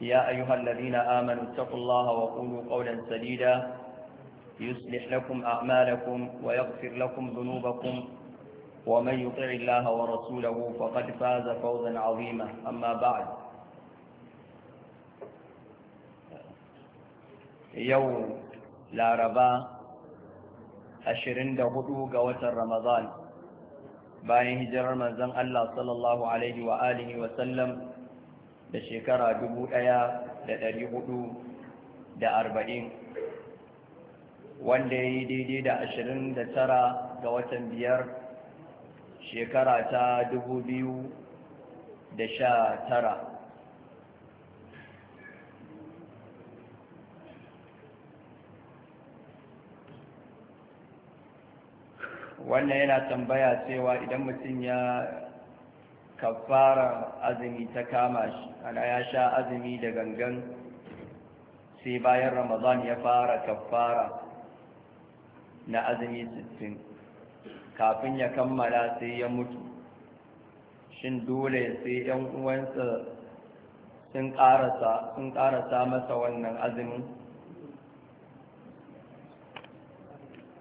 يا أيها الذين آمنوا اتقوا الله وقولوا قولا سديدا يصلح لكم أعمالكم ويغفر لكم ذنوبكم ومن يطع الله ورسوله فقد فاز فوزا عظيما أما بعد يوم لا ربا أشرين دهدو قوة رمضان باين هجر رمضان الله صلى الله عليه وآله وسلم da shekara dubu ɗaya da ɗari hudu da arba'in wanda ya yi daidai da ashirin da tara ga watan biyar shekara ta dubu biyu da sha tara wannan yana tambaya cewa idan mutum ya kafara azumi ta kama shi ana ya sha azumi da gangan sai bayan ramadan ya fara kafara na azumi sittin, kafin ya kammala sai ya mutu shin dole sai yan uwansa sun karasa masa wannan azumin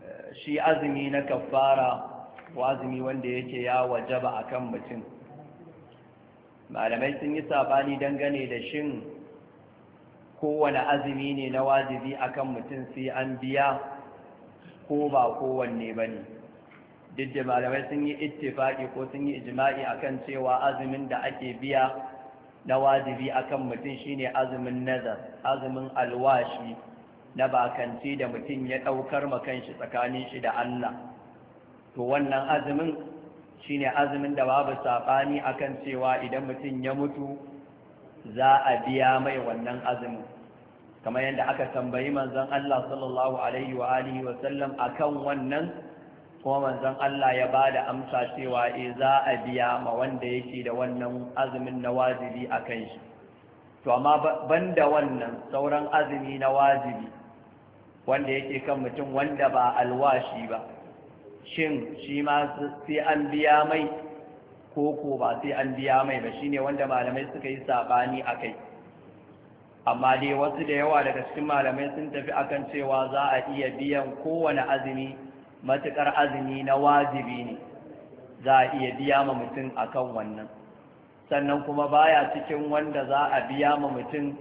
eh, shi azumi na kafara wa azumi wanda yake ya wajaba akan mutum malamai sun yi sabani dangane da shin kowane azumi ne na wajibi akan mutum sai an biya ko ba kowanne ba ne duk da malamai sun yi ittifaki ko sun yi ijima'i akan cewa azumin da ake biya na wajibi akan mutum shine azumin nazar azumin alwashi na bakanci da mutum ya ɗaukar makanshi tsakanin shi da Allah to wannan azumin Shi ne azumin da babu saɓani akan cewa idan mutum ya mutu za a biya mai wannan azumin kamar yadda aka tambayi manzon Allah sallallahu alaihi wa alihi wa sallam akan wannan kuma manzon Allah ya ba da amsa cewa e za a biya ma wanda yake da wannan azumin na wajibi a kan shi to amma banda wannan sauran azumi na wajibi wanda yake kan mutum wanda ba alwashi ba shin shi ma sai an biya mai ko ko ba sai an biya mai ba shine wanda malamai suka yi sabani akai amma dai wasu da yawa daga cikin malamai sun tafi akan cewa za a iya biyan kowane azumi matukar azumi na wajibi ne za a iya biya ma mutum akan wannan sannan kuma baya cikin wanda za a biya ma mutum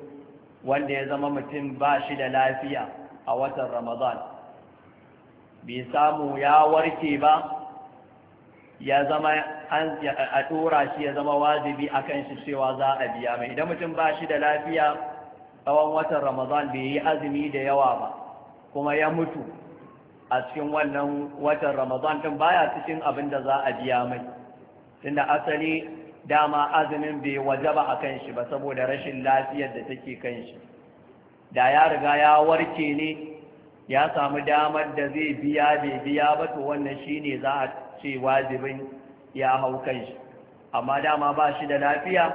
wanda ya zama mutum ba shi da lafiya a watan ramadan bai samu ya warke ba ya zama a tura shi ya zama wajibi a kan shi cewa za a biya mai idan mutum ba shi da lafiya tsawon watan ramadan bai yi azumi da yawa ba kuma ya mutu a cikin wannan watan ramadan tun baya cikin abin da za a biya mai tunda asali dama azumin bai wajaba a kan shi ba saboda rashin lafiyar da take kan shi da ya riga ya warke ne ya samu damar da zai biya bai biya ba to wannan shine za a ce wajibin ya hau kai. amma dama ba shi da lafiya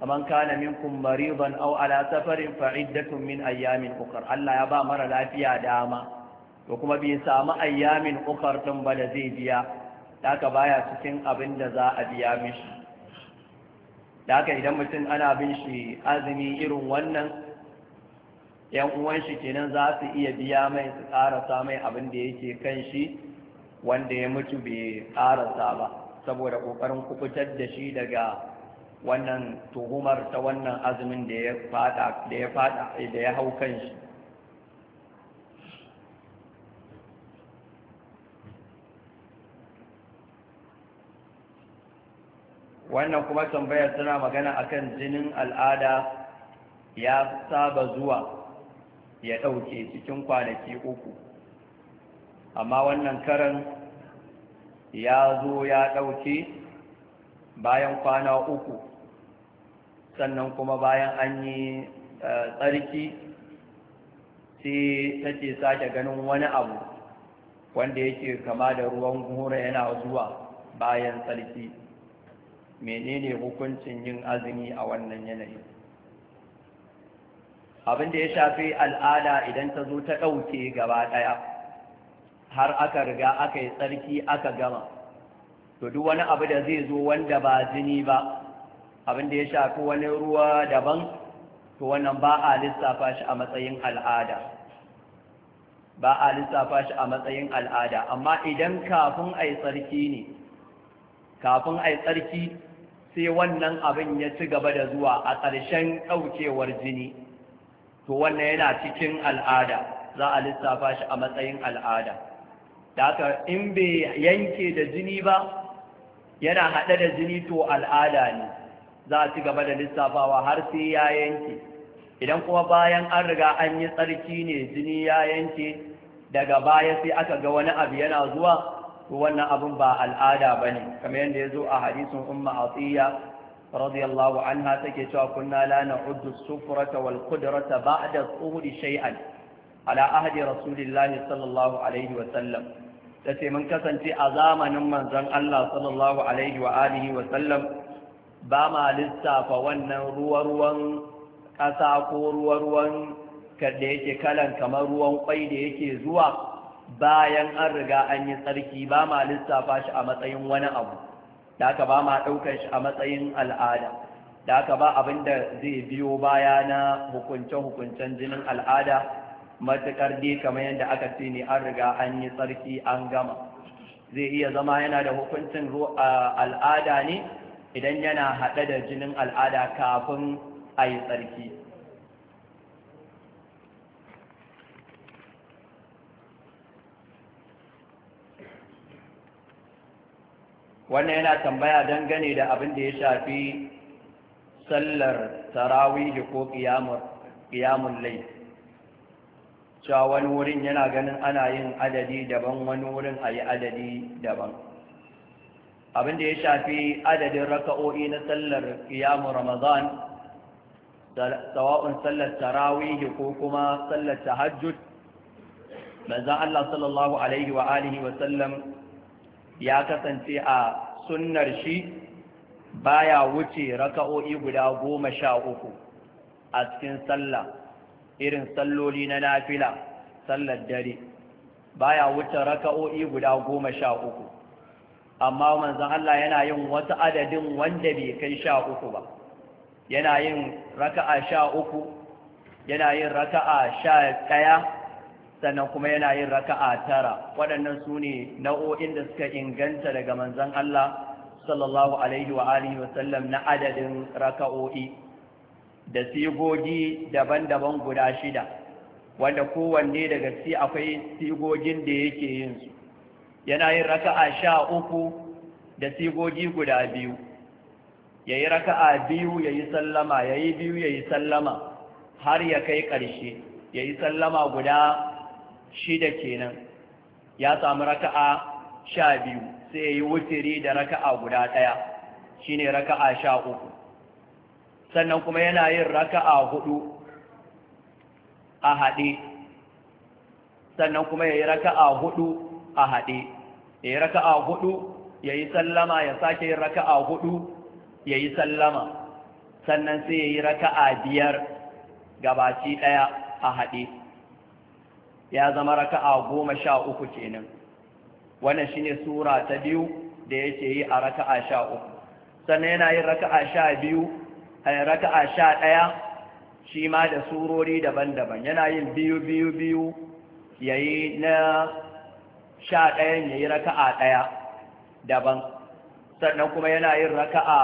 kaman kana minkum maridan aw ala safarin fa iddatun min ayyamin ukhra Allah ya ba mara lafiya dama to kuma bai samu ayyamin ukhra din ba da zai biya haka baya cikin abin da za a biya mishi haka idan mutum ana bin shi azumi irin wannan yan uwan shi kenan za su iya biya mai su karasa mai abin da yake kan shi wanda ya mutu bai karasa ba saboda kokarin kubutar da shi daga wannan tuhumar ta wannan azumin da ya fada da ya fada da ya hau kan shi wannan kuma tambayar tana magana akan jinin al'ada ya saba zuwa ya ɗauke cikin kwanaki uku amma wannan karan ya zo ya ɗauke bayan kwana uku sannan kuma bayan an yi eh, tsarki sai take sake ganin wani abu wanda yake kama da ruwan hura yana zuwa bayan tsarki menene hukuncin yin azumi a wannan yanayin? abin da ya shafi al'ada idan ta zo ta ɗauke gaba ɗaya har aka riga aka yi tsarki aka gama to duk wani abu da zai zo wanda ba jini ba abin da ya shafi wani ruwa daban to wannan ba a lissafa shi a matsayin al'ada ba a lissafa shi a matsayin al'ada amma idan kafin a yi tsarki ne kafin a yi tsarki sai wannan abin ya ci gaba da zuwa a ƙarshen ɗaukewar jini to wannan yana cikin al'ada za a lissafa shi a matsayin al'ada da in bai yanke da jini ba yana haɗe da jini to al'ada ne za a ci gaba da lissafawa har sai ya yanke idan kuma bayan an riga an yi tsarki ne jini ya yanke daga baya sai aka ga wani abu yana zuwa to wannan abin ba al'ada ba ne kamar yadda ya zo a hadisin umma atiya radiyallahu anha take cewa kunna la na'uddu sufrata wal qudrata ba'da tsuhuri shay'an ala ahdi rasulillahi sallallahu alaihi wa sallam tace mun kasance a zamanin manzon Allah sallallahu alaihi wa sallam ba lissafa wannan ruwa-ruwan ƙasa ko ruwa-ruwan da yake kalan kamar ruwan kwai da yake zuwa bayan an riga an yi tsarki Bama lissafa shi a matsayin wani abu da aka ba ma ɗaukar shi a matsayin al'ada da aka ba abin da zai biyo baya na hukunce-hukuncen jinin al'ada matuƙar dai kamar yadda aka fi ne an riga an yi tsarki an gama zai iya zama yana da hukuncin al'ada ne idan yana haɗe da jinin al'ada kafin a yi tsarki wannan yana tambaya dangane da abin da ya shafi sallar tarawihi ko ƙiyamun lai cewa wani wurin yana ganin ana yin adadi daban wani wurin a yi adadi daban abin da ya shafi adadin raka'o'i na sallar ƙiyamun ramazan sawa'un sallar tarawihi ko kuma sallar tahajjud manzan Allah sallallahu alaihi wa alihi wa sallam ya kasance a sunnar shi baya wuce raka'o'i guda goma sha uku a cikin sallah irin salloli na nafila sallar dare baya wuce raka'o'i guda goma sha uku amma manzon Allah yana yin wasu adadin wanda bai kai sha uku ba yana yin raka'a sha uku yana yin raka'a sha ɗaya sannan kuma yana yin raka'a tara waɗannan su ne nau'o'in da suka inganta daga manzon Allah sallallahu alaihi wa alihi wa sallam na adadin raka'o'i da sigogi daban-daban guda shida wanda kowanne daga si akwai sigogin da yake yin su yana yin raka'a sha uku da sigogi guda biyu ya yi raka'a biyu ya yi sallama ya yi biyu ya yi sallama har ya kai ƙarshe ya yi sallama guda shida kenan ya samu raka'a sha biyu sai ya yi wutiri da raka'a guda ɗaya shi ne raka'a sha uku sannan kuma yana yin raka'a hudu a haɗe sannan kuma ya yi raka'a hudu a haɗe ya yi raka'a hudu ya yi sallama ya sake yin raka'a hudu ya yi sallama sannan sai ya yi raka'a biyar gabaci ɗaya a haɗe ya zama raka'a goma sha uku kenan wannan shine sura ta biyu da yake yi a raka'a sha uku sannan yana yin raka'a sha biyu a eh, raka'a sha ɗaya shi ma da surori daban-daban yana yin biyu biyu biyu ya yi na sha ɗayan ya yi raka'a ɗaya daban sannan kuma yana yin raka'a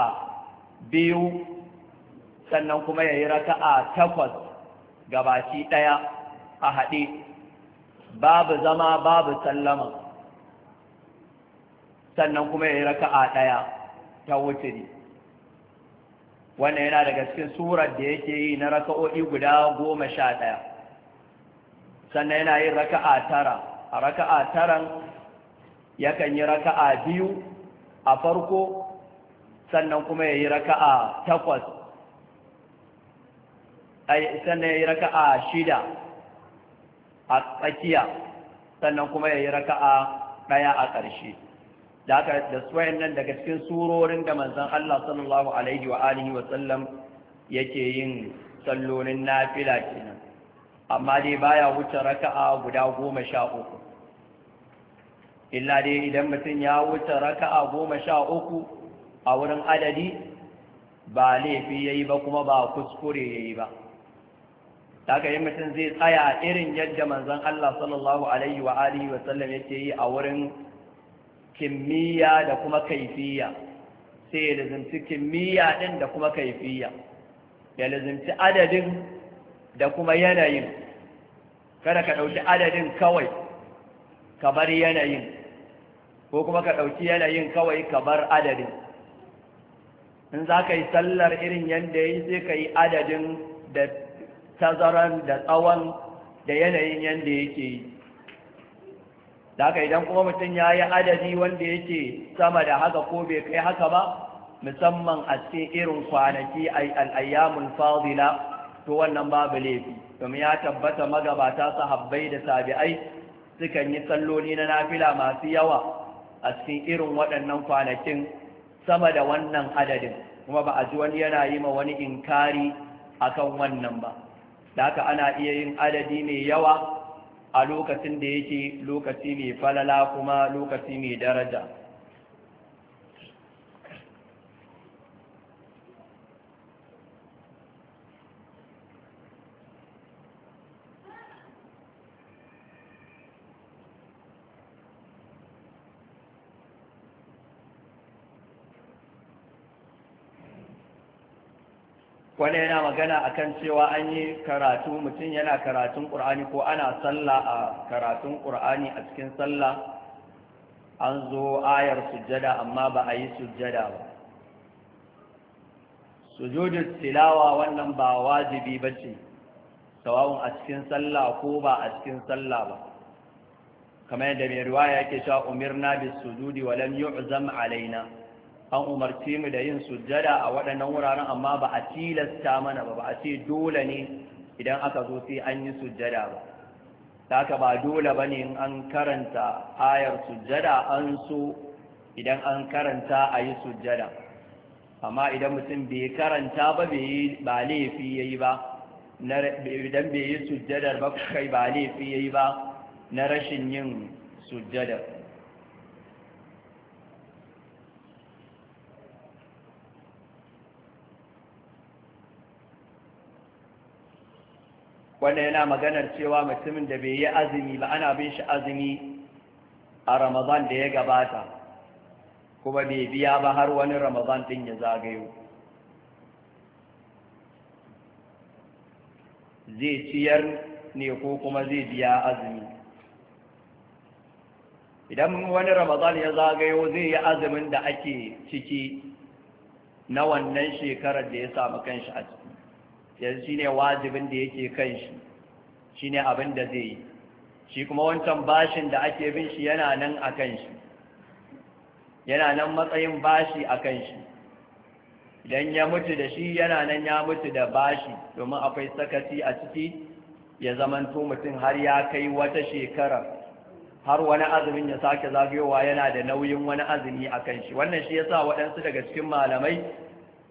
biyu sannan kuma ya yi raka'a takwas baki ɗaya a haɗe babu zama babu sallama sannan kuma ya yi raka'a ɗaya ta wuturi wannan yana daga cikin surar da yake yi na raka'o'i guda goma sha ɗaya sannan yana yin raka'a tara a raka'a taran yakan yi raka'a biyu a farko sannan kuma ya yi raka'a takwas sannan ya yi raka'a shida a tsakiya sannan kuma ya yi raka'a ɗaya a ƙarshe da da suwayen nan daga cikin surorin da manzan Allah sallallahu alaihi wa alihi wa sallam yake yin sallolin nafila kenan amma dai baya wuce raka'a guda goma sha uku illa dai idan mutum ya wuce raka'a goma sha uku a wurin adadi ba laifi ya yi ba kuma ba kuskure ya yi ba ka yi mutum zai tsaya irin yadda manzon Allah sallallahu alaihi wa alihi wa sallam yake yi a wurin kimiyya da kuma kaifiya sai ya lazimci kimiyya din da kuma kaifiya ya lazimci adadin da kuma yanayin kada ka ɗauki adadin kawai ka bar yanayin ko kuma ka ɗauki yanayin kawai ka bar adadin in za ka yi sallar irin yadda ya yi sai ka yi adadin da tazaran da tsawon da yanayin yadda yake yi da idan kuma mutum ya yi adadi wanda yake sama da haka ko bai kai haka ba musamman a cikin irin kwanaki al'ayyamun fadila to wannan babu laifi domin ya tabbata magabata sahabbai da sabi'ai sukan yi salloli na nafila masu yawa a cikin irin waɗannan kwanakin sama da wannan adadin kuma ba a ji wani yana yi ma wani inkari akan wannan ba da haka ana iya yin adadi mai yawa a lokacin da yake lokaci mai falala kuma lokaci mai daraja wani yana magana a kan cewa an yi karatu mutum yana karatun ƙur'ani ko ana sallah a karatun ƙur'ani a cikin sallah an zo ayar sujjada amma ba a yi sujjada ba sujudul tilawa wannan ba wajibi ba ce sawawun a cikin sallah ko ba a cikin sallah ba kamar yadda mai riwaya yake cewa umirna bis sujudi walam yi yu'zam alaina an umarci mu da yin sujjada a waɗannan wuraren amma ba a tilasta mana ba ba a ce dole ne idan aka zo sai an yi sujjada ba ka ba dole ba ne an karanta ayar sujjada an so idan an karanta a yi sujjada amma idan mutum bai karanta ba ba laifi ya yi ba idan bai yi sujjadar ba kai ba laifi ya yi ba na rashin yin sujjadar wanda yana maganar cewa mutumin da bai yi azumi ba ana bin shi azumi a ramazan da ya gabata kuma bai biya ba har wani ramazan din ya zagayo zai ciyar ne ko kuma zai biya azumi idan wani ramazan ya zagayo zai yi azumin da ake ciki na wannan shekarar da ya samu kanshi a ciki yanzu shi ne wajibin da yake kan shi shi ne abin da zai yi shi kuma wancan bashin da ake bin shi yana nan a kan shi yana nan matsayin bashi a kan shi idan ya mutu da shi yana nan ya mutu da bashi domin akwai sakaci a ciki ya zamanto mutum har ya kai wata shekara har wani azumin ya sake zagayowa yana da nauyin wani azumi a kan shi wannan shi ya sa waɗansu daga cikin malamai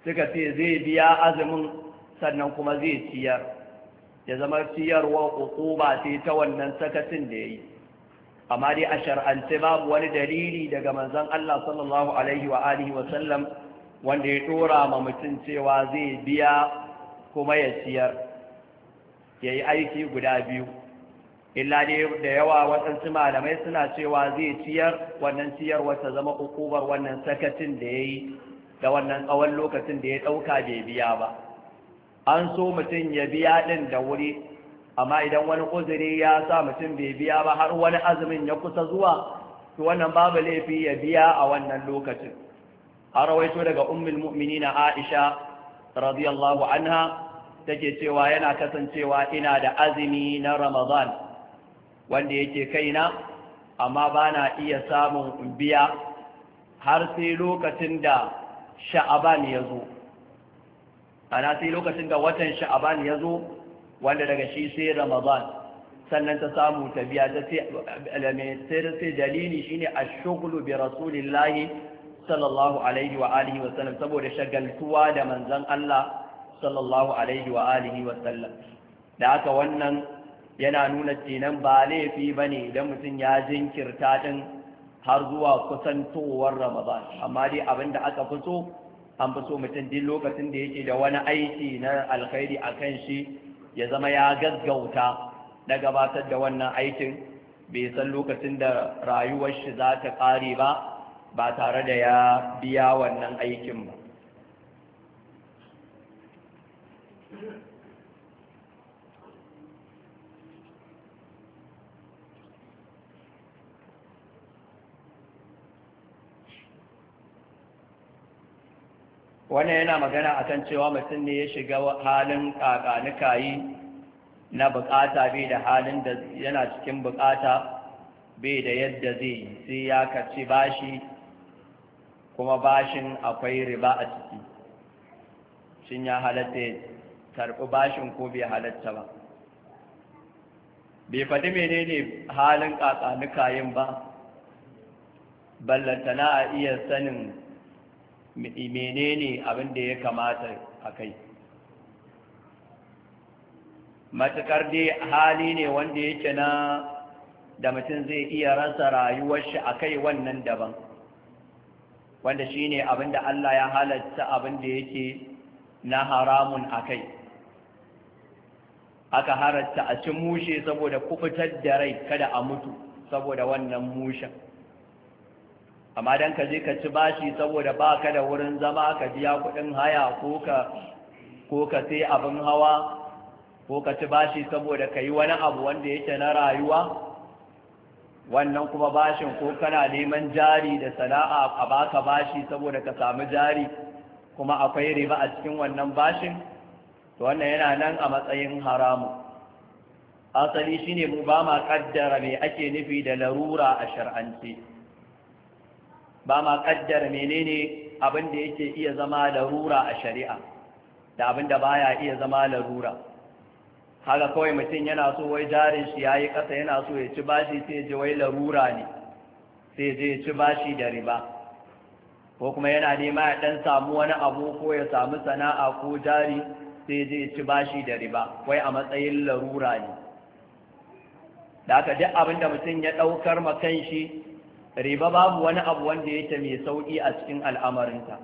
suka ce zai biya azumin sannan kuma zai ciyar ya zama ciyarwar ukuba ce ta wannan sakacin da ya yi amma dai a shar'ance babu wani dalili daga manzon Allah sallallahu alaihi wa alihi wa sallam wanda ya dora ma mutum cewa zai biya kuma ya ciyar ya yi aiki guda biyu illa dai da yawa waɗansu malamai suna cewa zai ciyar wannan ciyar wata zama ukubar wannan sakacin da ya yi da wannan tsawon lokacin da ya ɗauka bai biya ba an so mutum ya biya ɗin da wuri amma idan wani uzuri ya sa mutum bai biya ba har wani azumin ya kusa zuwa to wannan babu laifi ya biya a wannan lokacin a rawaito daga ummul na Aisha radiyallahu anha take cewa yana kasancewa ina da azumi na Ramadan wanda yake kaina amma bana iya samun biya har sai lokacin da sha'aban ya zo ana sai lokacin da watan sha'aban ya zo wanda daga shi sai ramadan sannan ta samu ta biya ta sai eh, dalili shine a shughlu bi rasulillahi sallallahu alaihi wa alihi wa sallam saboda shagaltuwa da manzon Allah sallallahu alaihi wa alihi wa sallam da aka wannan yana nuna kenan ba laifi ba ne. idan mutum ya jinkirta din har zuwa kusantowar Ramadan amma dai abinda aka fi so an fi so mutum din lokacin da yake da wani aiki na alkhairi a kan shi ya zama ya gaggauta na gabatar da wannan aikin bai san lokacin da rayuwar shi za ta ƙare ba ba tare da ya biya wannan aikin ba wannan yana magana a kan cewa mutum ne ya shiga halin yi na buƙata bai da halin da yana cikin buƙata bai da yadda zai sai ya kaci bashi kuma bashin akwai riba a ciki shin ya halatta ya karɓi bashin ko bai halatta ba bai faɗi menene halin yin ba ballantana a iya sanin menene abin da ya kamata a kai Matukar dai hali ne wanda yake na da mutum zai iya rasa rayuwar shi a kai wannan daban wanda shi ne abin da Allah ya halatta abin da yake na haramun a kai aka haratta a cin mushe saboda kufitar da rai kada a mutu saboda wannan mushen amma dan ka je ka ci bashi saboda ba ka da wurin zama ka biya kuɗin haya ko ka sai abin hawa ko ka ci bashi saboda ka yi wani abu wanda yake na rayuwa wannan kuma bashin ko kana neman jari da sana'a a baka bashi saboda ka samu jari kuma akwai riba a cikin wannan bashin to wannan yana nan a matsayin haramu asali shine mu ba ma kaddara me ake nufi da larura a shar'anci ba ma kaddara menene abin da yake iya zama larura a shari'a da abin da baya iya zama larura haka kawai mutum yana so wai jarin shi yayi kasa yana so ya ci bashi sai ji wai larura ne sai je ci bashi da riba ko kuma yana nema ya dan samu wani abu ko ya samu sana'a ko jari sai je ci bashi da riba wai a matsayin larura ne da haka duk abin da mutum ya ɗaukar ma kan shi riba babu wani abu wanda ta mai sauƙi a cikin al'amarinta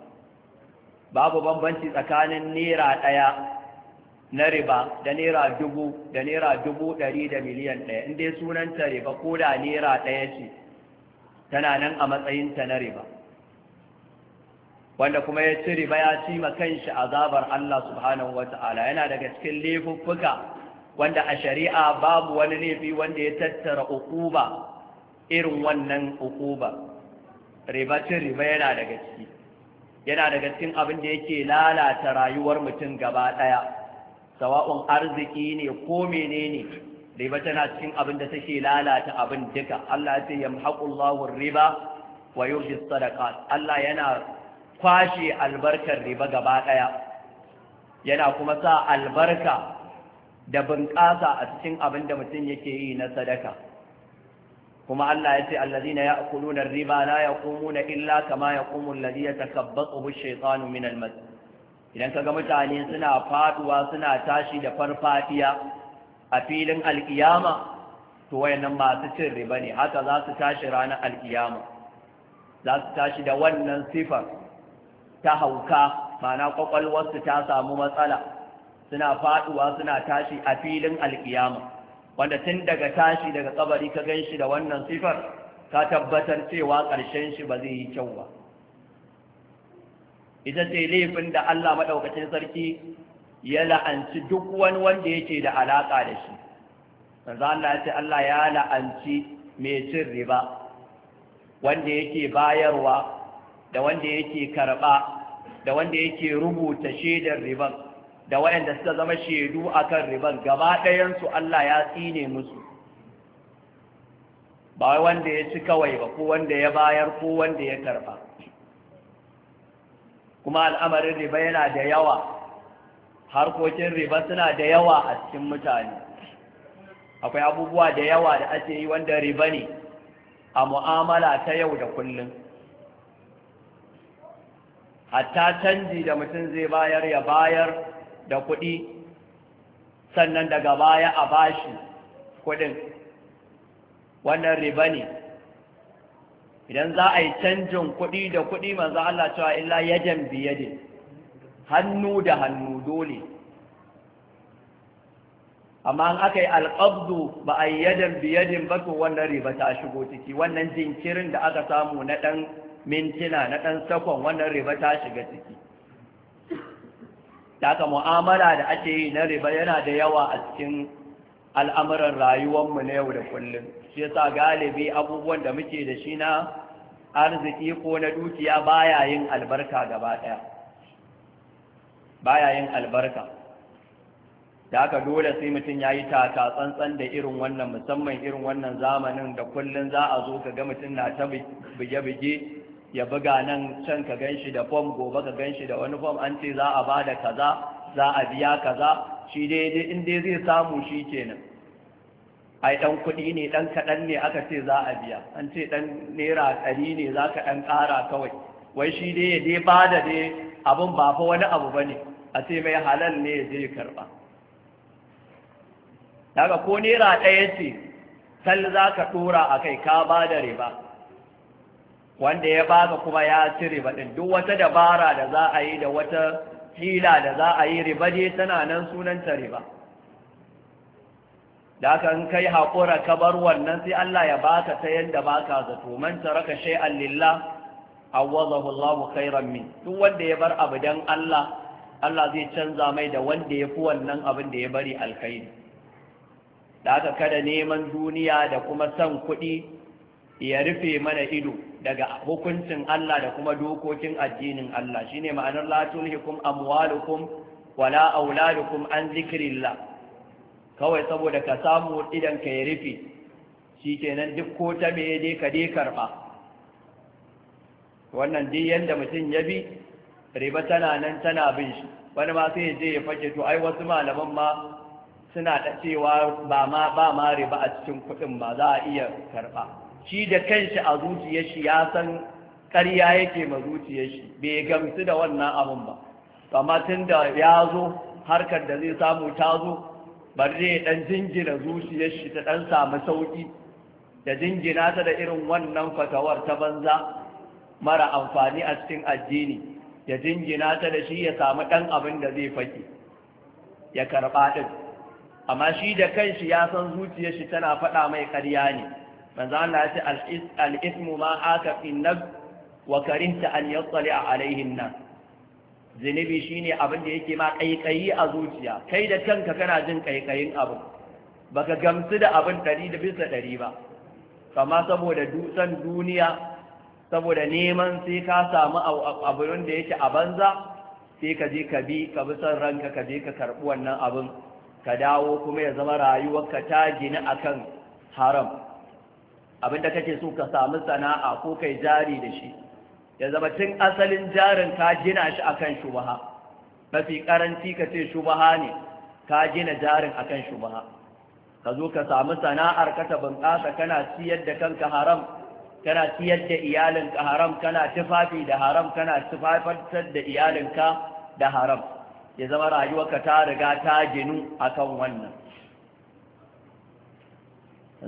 babu bambanci tsakanin naira ɗaya na riba da naira dubu da naira dubu ɗari da miliyan ɗaya inda sunanta riba ko da naira ɗaya ce tana nan a matsayinta na riba wanda kuma ya ci riba ya ci kanshi azabar Allah subhanahu wata'ala yana daga cikin laifuffuka wanda a shari'a babu wani laifi wanda ya tattara ukuba irin wannan ukuba ribacin riba yana daga ciki yana daga cikin abin da yake lalata rayuwar mutum gaba ɗaya sawa'un arziki ne ko menene riba tana cikin abin da take lalata abin duka Allah ya ce yamhaqullahu riba wa yurdi sadaqat Allah yana kwashe albarkar riba gaba ɗaya yana kuma sa albarka da bunƙasa a cikin abinda mutum yake yi na sadaka kuma Allah ya ce allazina ya'kuluna ar-riba la yaqumuna illa kama yaqumu allazi yatakabbathu ash-shaytanu min al-mas idan kaga mutane suna faduwa suna tashi da farfafiya a filin alkiyama to wayannan masu cin riba ne haka za su tashi ranar alkiyama za su tashi da wannan sifar ta hauka mana kwakwalwarsu ta samu matsala suna faduwa suna tashi a filin alkiyama wanda tun daga tashi daga kabari ka gan shi da wannan sifar ka tabbatar cewa ƙarshen shi ba zai yi kyau ba ita ce laifin da Allah maɗaukacin sarki ya la'anci duk wani wanda yake da alaƙa da shi manzo Allah ya ce Allah ya la'anci mai cin riba wanda yake bayarwa da wanda yake karɓa da wanda yake rubuta shaidar ribar. da waɗanda suka zama shaidu akan riban gaba ɗayansu Allah ya tsine musu ba wanda ya ci kawai ba ko wanda ya bayar ko wanda ya karɓa. kuma al'amarin riba yana da yawa harkokin riba suna da yawa a cikin mutane akwai abubuwa da yawa da ake yi wanda riba ne a mu'amala ta yau da kullum hatta canji da mutum zai bayar ya bayar da kuɗi sannan daga baya a bashi kuɗin wannan riba ne idan za a yi canjin kuɗi da kuɗi manzo Allah cewa illa yajan biyadin hannu da hannu dole amma an aka yi alƙabdu ba a yi yadan biyadin ba to wannan riba ta shigo ciki wannan jinkirin da aka samu na ɗan mintina na ɗan sakon wannan riba ta shiga ciki da aka mu'amala da ake yi na riba yana da yawa a cikin al'amuran mu na yau da kullum shi yasa galibi abubuwan da muke da shi na arziki ko na dukiya baya yin albarka gaba ɗaya baya yin albarka da aka dole sai mutum ya yi taka tsantsan da irin wannan musamman irin wannan zamanin da kullum za a zo ka ga mutum na ta buge-buge ya buga nan can ka gan shi da fom gobe ka gan shi da wani fom an ce za a ba da kaza za a biya kaza shi daidai in zai samu shi kenan ai dan kudi ne dan kadan ne aka ce za a biya an ce dan naira ɗari ne za ka dan ƙara kawai wai shi dai ya dai ba da dai abin ba fa wani abu bane ne a ce mai halal ne ya je karɓa daga ko naira ɗaya ce sal za ka ɗora a kai ka ba da riba wanda ya baka kuma ya ci riba ɗin, duk wata dabara da za a yi da wata hila da za a yi riba dai tana nan sunanta riba da aka in kai haƙura ka bar wannan sai Allah ya baka ta yadda baka zato man raka shay'an lillah awwazahu Allah khairan min duk wanda ya bar abu dan Allah Allah zai canza mai da wanda ya fi wannan abin da ya bari alkhairi da aka kada neman duniya da kuma san kuɗi ya rufe mana ido daga hukuncin Allah da kuma dokokin addinin Allah shine ma'anar la tulhikum amwalukum wala auladukum an zikrillah kawai saboda ka samu idan ka yi rufe shikenan duk ko ta me dai ka dai karba wannan dai yanda mutum ya bi riba tana nan tana bin shi wani ma sai je ya fake to ai wasu malaman ma suna da cewa ba ma ba ma riba a cikin kuɗin ba za a iya karba shi da kanshi a zuciyar shi ya san ƙarya yake ma zuciyar shi bai gamsu da wannan abin ba amma tun da ya zo harkar da zai samu ta zo bari zai dan jingina zuciyar shi ta dan samu sauki da jingina ta da irin wannan fatawar ta banza mara amfani a cikin addini ya jingina ta da shi ya samu dan abin da zai fake ya karɓa din amma shi da kanshi ya san zuciyar shi tana faɗa mai ƙarya ne manzo Allah ya ce al-ismu ma wa karinta an yattali alaihin nan zunubi shine abin da yake ma kaikayi a zuciya kai da kanka kana jin kaikayin abu baka gamsu da abin ɗari da ɗari ba kama saboda dutsen duniya saboda neman sai ka samu abin da yake a banza sai ka je ka bi ka bi son ranka ka je ka karɓi wannan abin ka dawo kuma ya zama rayuwarka ta a akan haram abinda kake so ka samu sana'a ko kai jari da shi ya zama tun asalin jarin ka gina shi akan shubaha mafi karanci ka ce shubaha ne ka gina jarin akan shubaha ka zo ka samu sana'ar ka ta bunƙasa kana siyar da kanka haram kana siyar da iyalinka haram kana tufafi da haram kana tufafantar da iyalinka da haram ya zama rayuwarka ta riga ta ginu akan wannan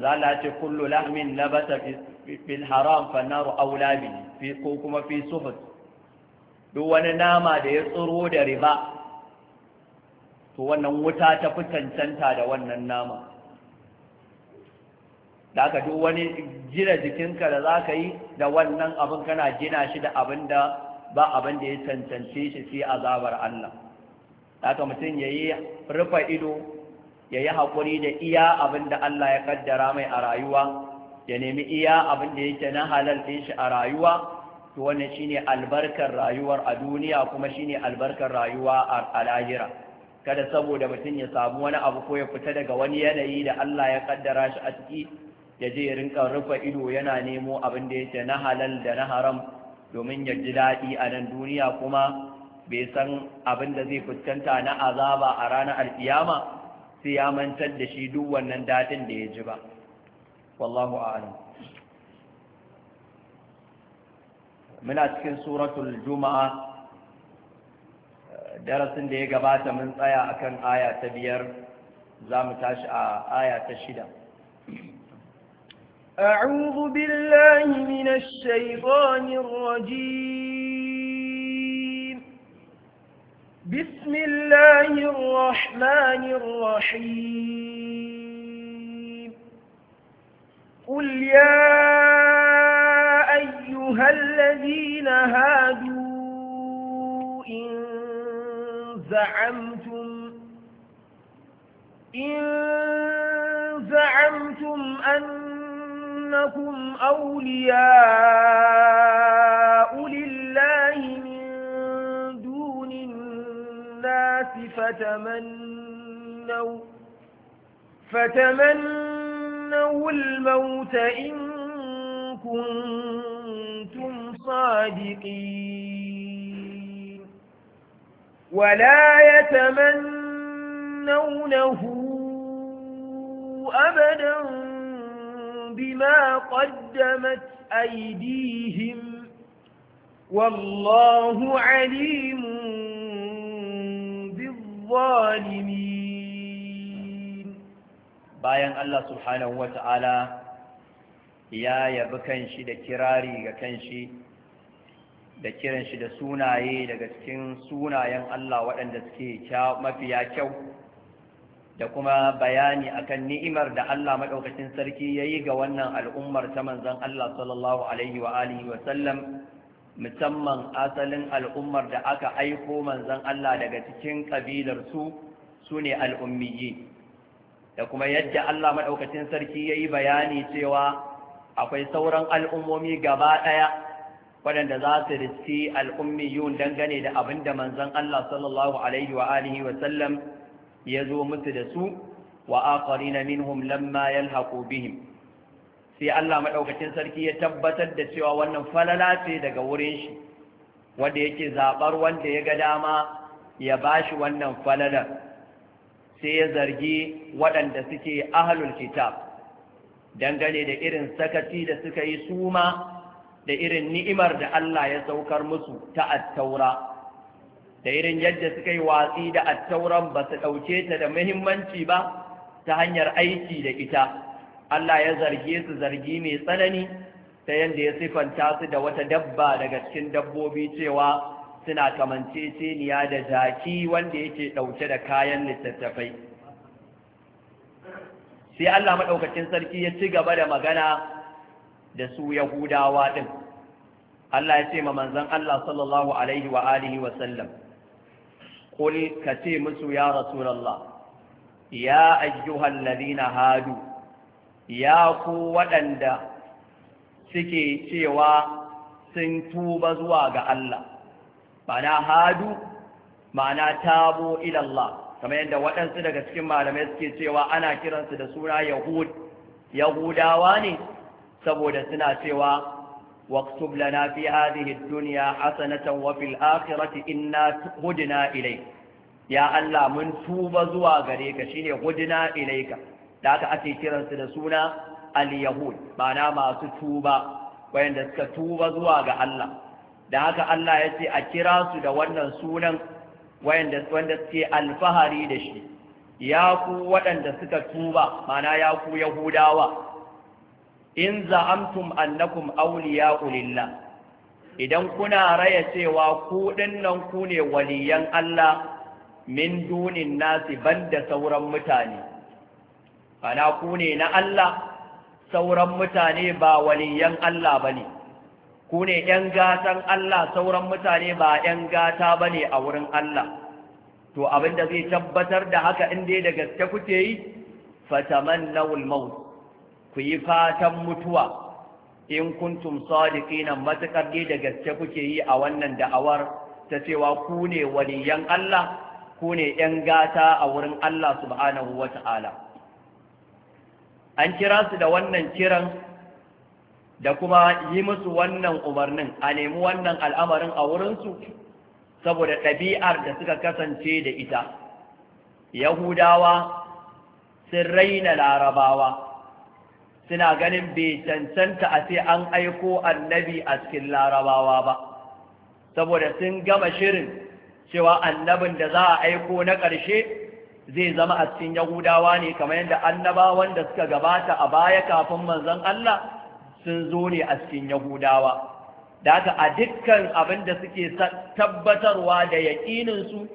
za ce kullu lahmin labata fil haram fa naru aula fi ko kuma fi suhud duk wani nama da ya tsoro da riba to wannan wuta ta fi cancanta da wannan nama da aka duk wani gina jikinka da za ka yi da wannan abin kana gina shi da abin da ba abin da ya cancanci shi sai azabar Allah da aka mutum ya yi rufa ido ya yi haƙuri da iya abin da Allah ya kaddara mai a rayuwa ya nemi iya abin da yake na halal ɗin shi a rayuwa to wannan shine albarkar rayuwar a duniya kuma shine albarkar rayuwa a lahira kada saboda mutum ya samu wani abu ko ya fita daga wani yanayi da Allah ya kaddara shi a ciki ya je rinka rufe ido yana nemo abin da yake na halal da na haram domin ya ji daɗi a nan duniya kuma bai san abin da zai fuskanta na azaba a ranar alkiyama sai ya mantar da shi duk wannan daɗin da ya ji ba wallahu a'lam muna cikin suratul juma'a eh, darasin da ya gabata mun tsaya akan aya ta biyar za mu tashi a aya ta shida أعوذ بالله من الشيطان الرجيم بسم الله الرحمن الرحيم قل يا أيها الذين هادوا إن زعمتم إن زعمتم أنكم أولياء فتمنوا فتمنوا الموت إن كنتم صادقين ولا يتمنونه أبدا بما قدمت أيديهم والله عليم الظالمين باين الله سبحانه وتعالى ya yabi kanshi da kirari ga kanshi da kiran shi da sunaye daga cikin sunayen Allah waɗanda suke mafiya kyau da kuma bayani akan ni'imar da Allah maɗaukacin sarki ya yi ga wannan al'ummar ta manzan Allah sallallahu Alaihi wa alihi musamman asalin al'ummar da aka aiko manzon Allah daga cikin ƙabilar su sune al'ummiyyi da kuma yadda Allah Maɗaukacin sarki yayi bayani cewa akwai sauran al'ummomi gaba ɗaya waɗanda za su riski al'ummiyun dangane da abin da manzon Allah sallallahu alaihi wa sallam ya zo musu da su wa na minhum lamma yalhaqu sai Allah maɗaukacin sarki ya tabbatar da cewa wannan falala ce daga wurin shi wanda yake zaɓar wanda ya ga dama ya ba shi wannan falalar sai ya zargi waɗanda suke ahalul kitab dangane da irin sakaci da suka yi suma da irin ni'imar da Allah ya saukar musu ta attaura da irin yadda suka yi watsi da attauran ba su ɗauke ta da muhimmanci ba ta hanyar aiki da ita Allah ya zarge su zargi mai tsanani ta yadda ya sifanta su da wata dabba daga cikin dabbobi cewa suna kamanceceniya da jaki wanda yake ɗauke da kayan littattafai sai Allah maɗaukacin sarki ya ci gaba da magana da su Yahudawa ɗin Allah ya ce ma manzan Allah sallallahu alaihi wa alihi wa sallam قل كتي مسو Ya رسول الله يا أيها الذين ya ku waɗanda suke cewa sun tuba zuwa ga Allah ma'ana hadu ma'ana tabo ilallah kamar yadda waɗansu daga cikin malamai suke cewa ana kiransu da suna yahud yahudawa ne saboda suna cewa واكتب لنا في هذه الدنيا حسنة وفي الآخرة إنا هدنا إليك يا الله من توب زوا غريك شيني هدنا إليك da aka ake kiransu da suna al-yahud ma'ana masu tuba wayanda suka tuba zuwa ga Allah da haka Allah ya ce a kira su da wannan sunan wayanda wanda suke alfahari da shi ya ku waɗanda suka tuba ma'ana ya ku yahudawa in za'amtum annakum awliya ulilla. idan kuna raya cewa ku dinnan ku ne waliyan Allah min dunin nasi banda sauran mutane ana ku ne na Allah sauran mutane ba waliyan Allah ba ne ku ne ‘yan gatan Allah sauran mutane ba ‘yan gata ba ne a wurin Allah to abinda zai tabbatar da haka inda da gaske kuke yi fataman na maut ku yi fatan mutuwa in kuntum sadiqina matakar dai da gaske kuke yi a wannan da'awar ta cewa ku ne waliyan Allah ku ne ‘yan gata a wurin Allah subhanahu wa ta'ala an kira su da wannan kiran da kuma yi musu wannan umarnin a nemi wannan al'amarin a wurinsu saboda ɗabi'ar da suka kasance da ita yahudawa sun raina larabawa suna ganin bai cancanta a sai an aiko annabi a cikin larabawa ba saboda sun gama shirin cewa annabin da za a aiko na ƙarshe zai zama a cikin yahudawa ne kamar yadda annabawan da suka gabata a baya kafin manzon Allah sun zo ne a cikin yahudawa da haka a dukkan abin da suke tabbatarwa da yaƙininsu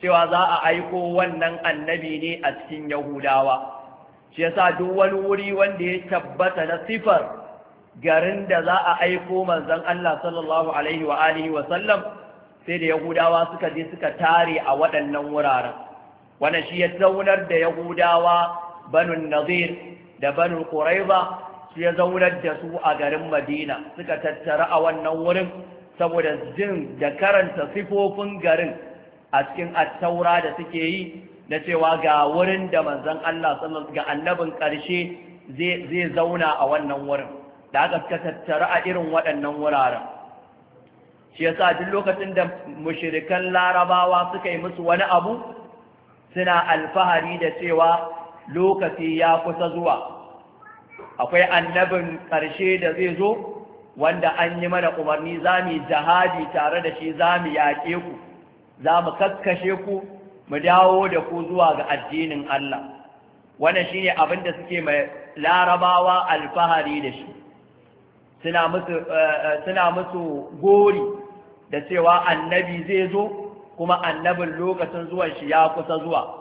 cewa za a aiko wannan annabi ne a cikin yahudawa shi yasa duk wani wuri wanda ya tabbata na sifar garin da za a aiko manzon Allah sallallahu alaihi wa alihi wa sallam sai da yahudawa suka je suka tare a waɗannan wuraren wannan shi ya zaunar da yahudawa banun nazir da banun quraiba su ya zaunar da su a garin madina suka tattara a wannan wurin saboda jin da karanta sifofin garin a cikin attaura da suke yi na cewa ga wurin da manzan Allah ga annabin ƙarshe zai zauna a wannan wurin da aka suka tattara a irin waɗannan wuraren shi yasa duk lokacin da mushirikan larabawa suka yi musu wani abu suna alfahari da cewa lokaci ya kusa zuwa akwai annabin ƙarshe da zai zo wanda an yi mana umarni za mu jihadi tare da shi za mu yaƙe ku za mu kakkashe ku mu dawo da ku zuwa ga addinin Allah wannan shine abin da suke mai larabawa alfahari da shi eh, eh, suna musu gori da cewa annabi zai zo kuma annabin lokacin zuwan shi ya kusa zuwa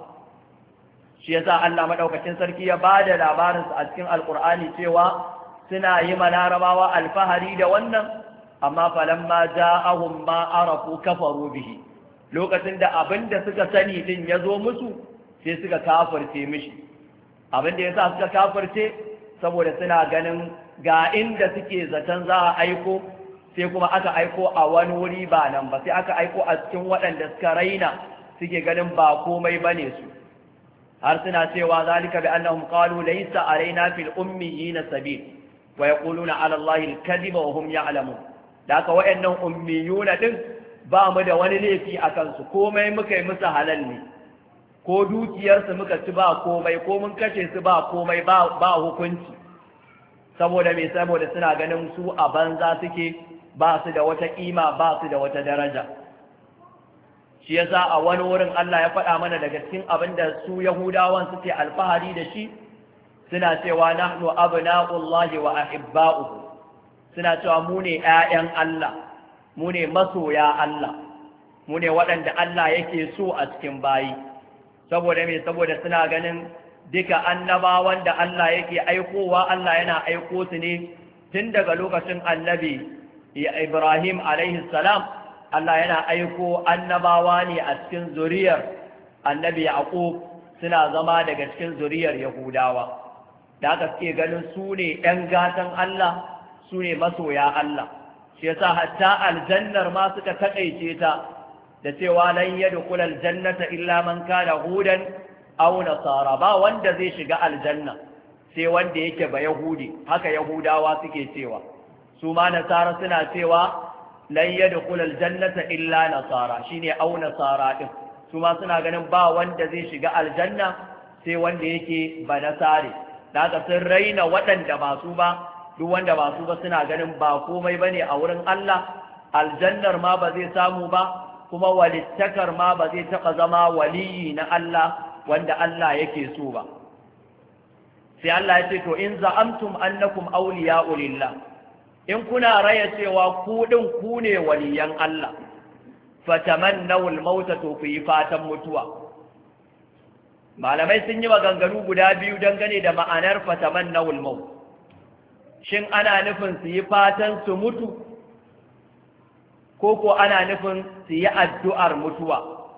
shi yasa Allah madaukakin sarki ya bada labarin su a cikin alqur'ani cewa suna yi manarabawa alfahari da wannan amma falamma ja'ahum ma arafu kafaru bihi lokacin da abinda suka sani din ya zo musu sai suka kafirce mishi abinda yasa suka kafirce saboda suna ganin ga inda suke zaton za a aiko sai kuma aka aiko a wani wuri ba nan ba sai aka aiko a cikin waɗanda suka raina suke ganin ba komai bane su har suna cewa zalika bi annahum qalu laysa alaina fil ummiyina sabil wa yaquluna ala allahi alkadiba wa hum ya'lamun da ka wayannan ummiyuna din ba mu da wani laifi a kansu komai muka yi musu halal ne ko dukiyarsu muka ci ba komai ko mun kashe su ba komai ba hukunci saboda me saboda suna ganin su a banza suke ba su da wata ƙima ba su da wata daraja shi yasa a wani wurin Allah ya faɗa mana daga cikin abinda su Yahudawan suke alfahari da shi suna cewa nahnu abna'ullahi wa ahibba'uhu suna cewa mu ne ƴaƴan Allah mu ne masoya Allah mu ne waɗanda Allah yake so a cikin bayi saboda me saboda suna ganin duka annabawan da Allah yake aikowa Allah yana aiko su ne tun daga lokacin annabi Ibrahim alaihi salam Allah yana aiko annabawa ne a cikin zuriyar annabi Yaqub suna zama daga cikin zuriyar Yahudawa da aka suke ganin su ne ɗan gatan Allah su ne masoya Allah shi yasa hatta aljannar ma suka taƙaice ta da cewa lan yadkhul aljannata illa man kana hudan aw nasara ba wanda zai shiga aljanna sai wanda yake ba yahudi haka yahudawa suke cewa su ma nasara suna cewa lan yadkhul jannata illa nasara shine au nasara din su ma suna ganin ba wanda zai shiga aljanna sai wanda yake ba nasare daga sun raina waɗanda ba su ba duk wanda ba su ba suna ganin ba komai bane a wurin Allah aljannar ma ba zai samu ba kuma walittakar ma ba zai taɓa zama waliyi na Allah wanda Allah yake so ba sai Allah ya ce to in za'amtum annakum awliya'u lillah in kuna raya cewa ku din ku ne waliyan Allah fataman al-mauta to ku fatan mutuwa malamai sun yi maganganu guda biyu dangane da ma'anar fataman al-maut shin ana nufin su yi fatan su mutu ko ana nufin su yi addu'ar mutuwa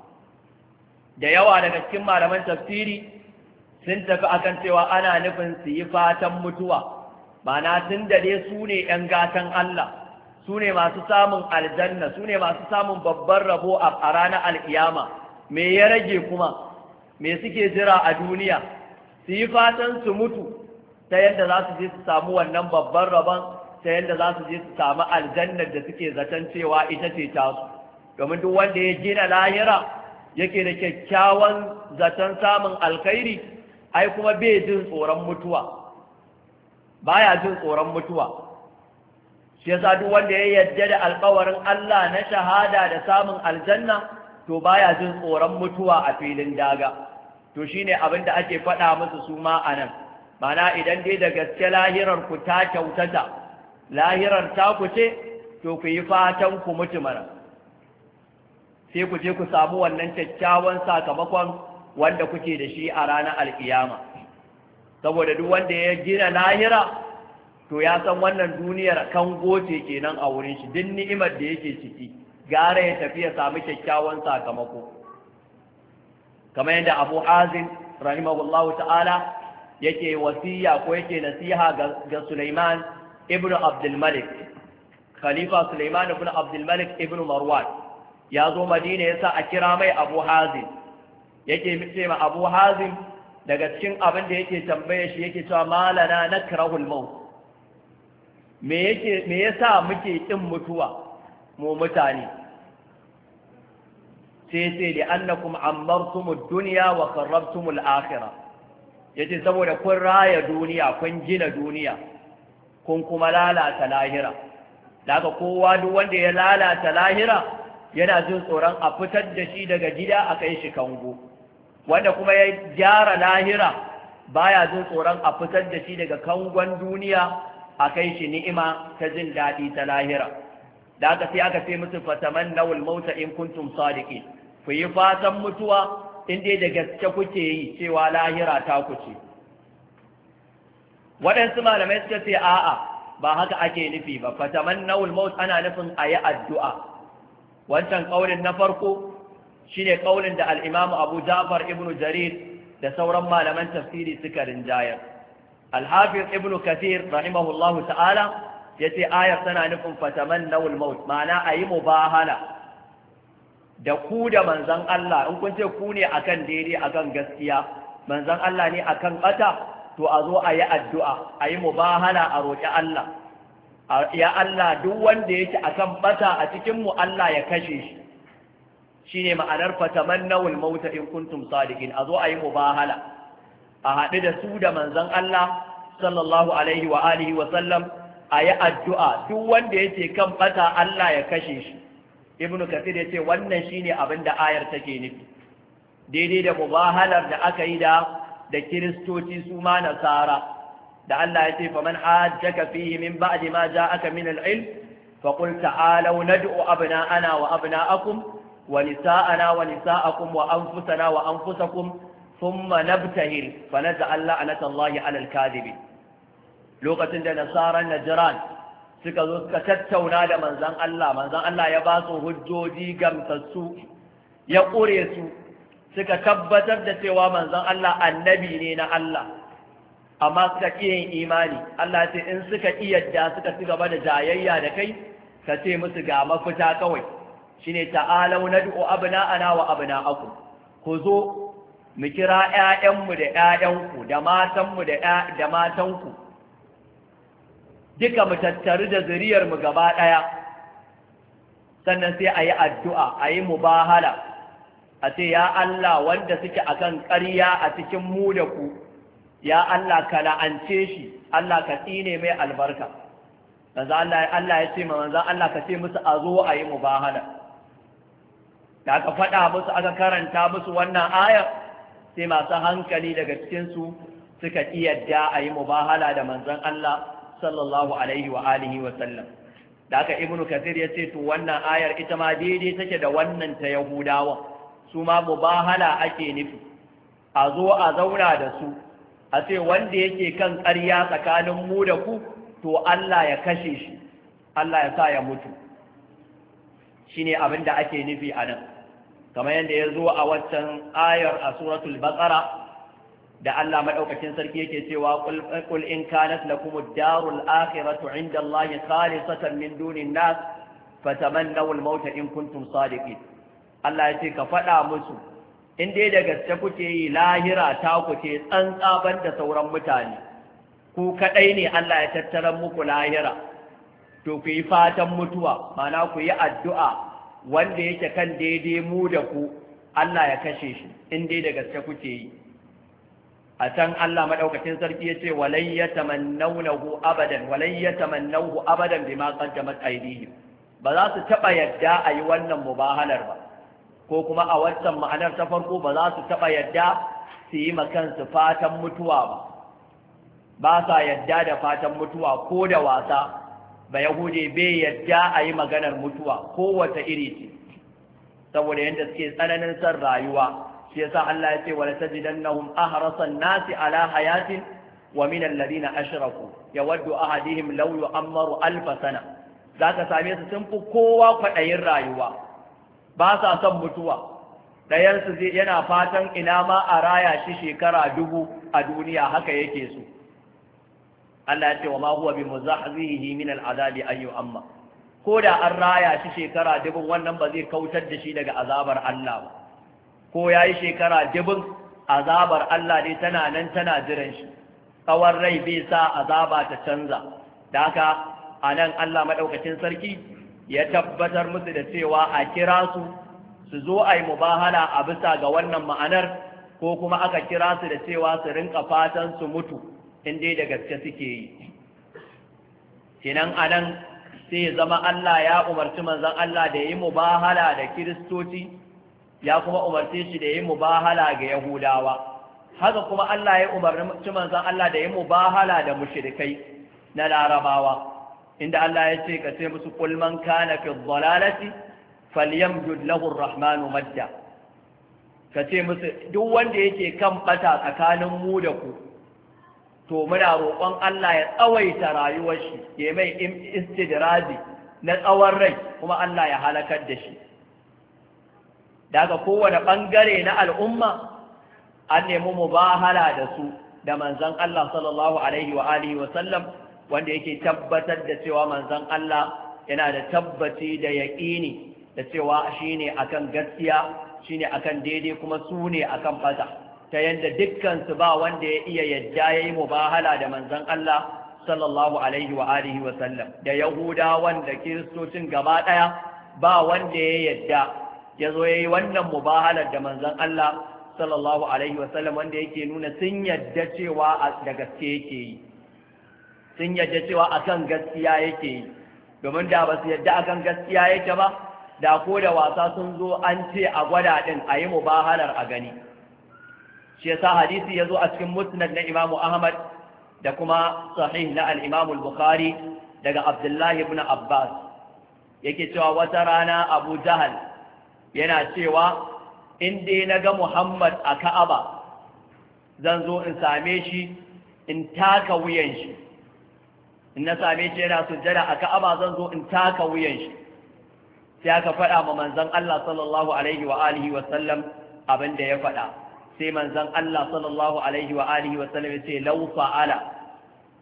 da yawa daga cikin malaman tafsiri sun tafi akan cewa ana nufin su yi fatan mutuwa ma'ana tun da dai su ne ‘yan gatan Allah su ne masu samun aljanna su ne masu samun babban rabo a ranar al'iyama me ya rage kuma me suke jira a duniya su yi fatan su mutu ta yadda za su je su samu wannan babban rabon ta yadda za su je su samu aljanna da suke zaton cewa ita ce tasu domin duk wanda ya gina lahira yake da kyakkyawan zaton samun alkhairi ai kuma bai jin tsoron mutuwa Ba ya jin tsoron mutuwa shi yasa duk wanda ya yarda da alƙawarin Allah na shahada da samun aljanna to ba ya jin tsoron mutuwa a filin daga to shine abin da ake faɗa musu su ma nan mana idan dai da gaske lahirar ku ta kyautata lahirar ta ku ce to ku yi fatan ku mutu mara sai ku je ku samu wannan kyakkyawan sakamakon wanda kuke da shi a ranar alkiyama saboda duk wanda ya gina lahira to ya san wannan duniyar kan goce kenan a wurin shi duk ni'imar da yake ciki gara ya tafi ya samu kyakkyawan sakamako kamar yadda abu azin rahimahullahu ta'ala yake wasiya ko yake nasiha ga Sulaiman ibn Abdulmalik. Khalifa Sulaiman ibn abdulmalik ibn Marwan ya zo Madina sa a kira mai Abu Hazim yake ce ma Abu Hazim daga cikin abin da yake tambaye shi yake cewa malana na karahul maut me yake me yasa muke kin mutuwa mu mutane sai sai da annakum ammartum ad-dunya wa qarrabtum al-akhirah yace saboda kun raya duniya kun gina duniya kun kuma lalata lahira daga kowa duk wanda ya lalata lahira yana jin tsoron a fitar da shi daga gida a kai shi kango wanda kuma ya gyara lahira baya jin tsoron a fitar da shi daga kangon duniya a kai shi ni'ima ta jin daɗi ta lahira da aka sai aka ce musu fataman nawul mauta in kuntum sadiqin ku yi fatan mutuwa in dai da gaske kuke yi cewa lahira ta kuce waɗansu malamai suka ce a'a ba haka ake nufi ba fataman nawul maut ana nufin a yi addu'a wancan ƙaurin na farko shine ƙaunin da Al'imam Abu Ja'far ibn Jarir da sauran malaman tafsiri suka rinjayar al-Hafiz ibn Kathir rahimahullahu ta'ala ya ce, ayar tana nufin fataman na maut ma'ana ayi bahala. da ku da manzan Allah in kun ce ku ne akan daidai akan gaskiya Manzan Allah ne akan ɓata? to a zo yi addu'a ayi mubahala a roƙi Allah ya Allah duk wanda yake akan ɓata a cikin mu Allah ya kashe shi shine ma'anar fatamannawul mauta in kuntum sadiqin a zo a yi mubahala a haɗu da su da manzon Allah sallallahu alaihi wa alihi wa sallam a yi addu'a duk wanda ce kan fata Allah ya kashe shi ibnu kathir yace wannan shine abin da ayar take nufi daidai da mubahalar da aka yi da da kiristoci su ma nasara da Allah ya ce man hajjaka fihi min ba'di ma ja'aka min al-ilm fa qul ta'alu nad'u abna'ana wa abna'akum ونساءنا ونساءكم وأنفسنا وأنفسكم ثم نبتهل فنزع لعنة الله على الكاذبين لوقة نصارى النجران suka zo suka tattauna da manzan Allah manzan Allah ya ba su hujjoji gamsassu ya ƙure su suka tabbatar da cewa manzan Allah annabi ne na Allah amma suka yin imani Allah ce in suka iya da suka ci gaba da jayayya da kai ka ce musu ga mafita kawai shine ta'alau nad'u abna'ana wa abna'akum ku zo mu kira 'ya'yanmu da ƴaƴanku da matanmu da matanku duka mu tattaru da zuriyar mu gaba ɗaya sannan sai a yi addu'a a yi mubahala a ce ya Allah wanda suke akan ƙarya a cikin mu da ku ya Allah ka la'ance shi Allah ka tsine mai albarka Allah ya ce ma manzo Allah ka ce musu a zo a yi mubahala da aka faɗa musu aka karanta musu wannan ayar sai masu hankali daga cikinsu suka yadda a yi mubahala da manzon Allah sallallahu alaihi wa alihi wa sallam da aka ibnu kathir ya ce to wannan ayar ita ma daidai take da wannan ta yahudawa su ma mubahala ake nufi a zo a zauna da su a ce wanda yake kan ƙarya tsakanin mu da ku to Allah ya kashe shi Allah ya sa ya mutu shine abin da ake nufi a nan kamar yadda ya zo a waccan ayar a suratul baqara da Allah Maɗaukacin sarki yake cewa qul in kanat lakum ad-darul akhiratu 'inda Allah khalisatan min dunin nas fatamannaw al-maut in kuntum sadiqin Allah ya ce ka faɗa musu in dai da gaske kuke yi lahira ta kuce tsantsaban da sauran mutane ku kaɗai ne Allah ya tattara muku lahira to ku yi fatan mutuwa mana ku yi addu'a wanda yake kan daidai mu da ku Allah ya kashe shi in dai da gaske kuke yi a can Allah madaukakin sarki yace walay yatamannawnahu abadan walay yatamannahu abadan bima qaddamat aydihim ba za su taba yadda a yi wannan mubahalar ba ko kuma a wancan ma'anar ta farko ba za su taba yadda su yi su fatan mutuwa ba ba sa yadda da fatan mutuwa ko da wasa ba yahude bai yadda a yi maganar mutuwa kowace iri ce saboda yadda suke tsananin san rayuwa shi yasa Allah ya ce wala tajidannahum ahrasan nasi ala hayatin wa min alladhina ashraku yawaddu ahadihim law yu'ammaru alf sana zaka same su sun fi kowa kwadayin rayuwa ba sa son mutuwa dayan su yana fatan ina ma a raya shi shekara dubu a duniya haka yake su Allah ya ce wa ma huwa bi muzahzihi min al'adabi an yu'amma ko da an raya shi shekara dubun, wannan ba zai kautar da shi daga azabar Allah ba ko yayi shekara dubun, azabar Allah dai tana nan tana jiran shi tsawon rai bai sa azaba ta canza da haka anan Allah madaukakin sarki ya tabbatar musu da cewa a kira su su zo a yi mubahala a bisa ga wannan ma'anar ko kuma aka kira su da cewa su rinka fatan su mutu in dai da gaske suke yi kenan anan sai zama Allah ya umarci manzan Allah da yi mubahala da kiristoci ya kuma umarci shi da yi mubahala ga yahudawa haka kuma Allah ya umarci manzan Allah da yi mubahala da mushrikai na larabawa inda Allah ya ce ka ce musu kulman kana fi dhalalati falyamdud lahu arrahmanu madda ka ce musu duk wanda yake kan bata tsakanin mu da ku to muna roƙon Allah ya tsawaita rayuwar shi ya mai istidradi na tsawon rai kuma Allah ya halakar da shi daga kowane ɓangare na al'umma an nemi mubahala da su da manzan Allah sallallahu alaihi wa alihi wa sallam wanda yake tabbatar da cewa manzan Allah yana da tabbaci da yaƙini da cewa shine akan gaskiya shine akan daidai kuma su ne akan fata ta yadda dukkansu ba wanda ya iya yadda ya yi mubahala da manzon Allah sallallahu alaihi wa alihi wa sallam da yahuda wanda kiristocin gaba ɗaya ba wanda ya yadda ya zo ya yi wannan mubahalar da manzon Allah sallallahu alaihi wa sallam wanda yake nuna sun yadda cewa da gaske yake yi sun yadda cewa akan gaskiya yake yi domin da ba su yadda kan gaskiya yake ba da ko da wasa sun zo an ce a gwada din a yi mubahalar a gani shi yasa hadisi yazo a cikin musnad na Imam Ahmad da kuma sahih na al-Imam al-Bukhari daga Abdullah ibn Abbas yake cewa wata rana Abu Jahal yana cewa in dai naga Muhammad a Ka'aba zan zo in same shi in taka wuyan shi in na same shi yana sujjada a Ka'aba zan zo in taka wuyan shi sai aka faɗa ma manzon Allah sallallahu alaihi wa alihi wa sallam abin da ya faɗa sai manzan Allah sallallahu Alaihi wa alihi wasallam ya ce laufa ala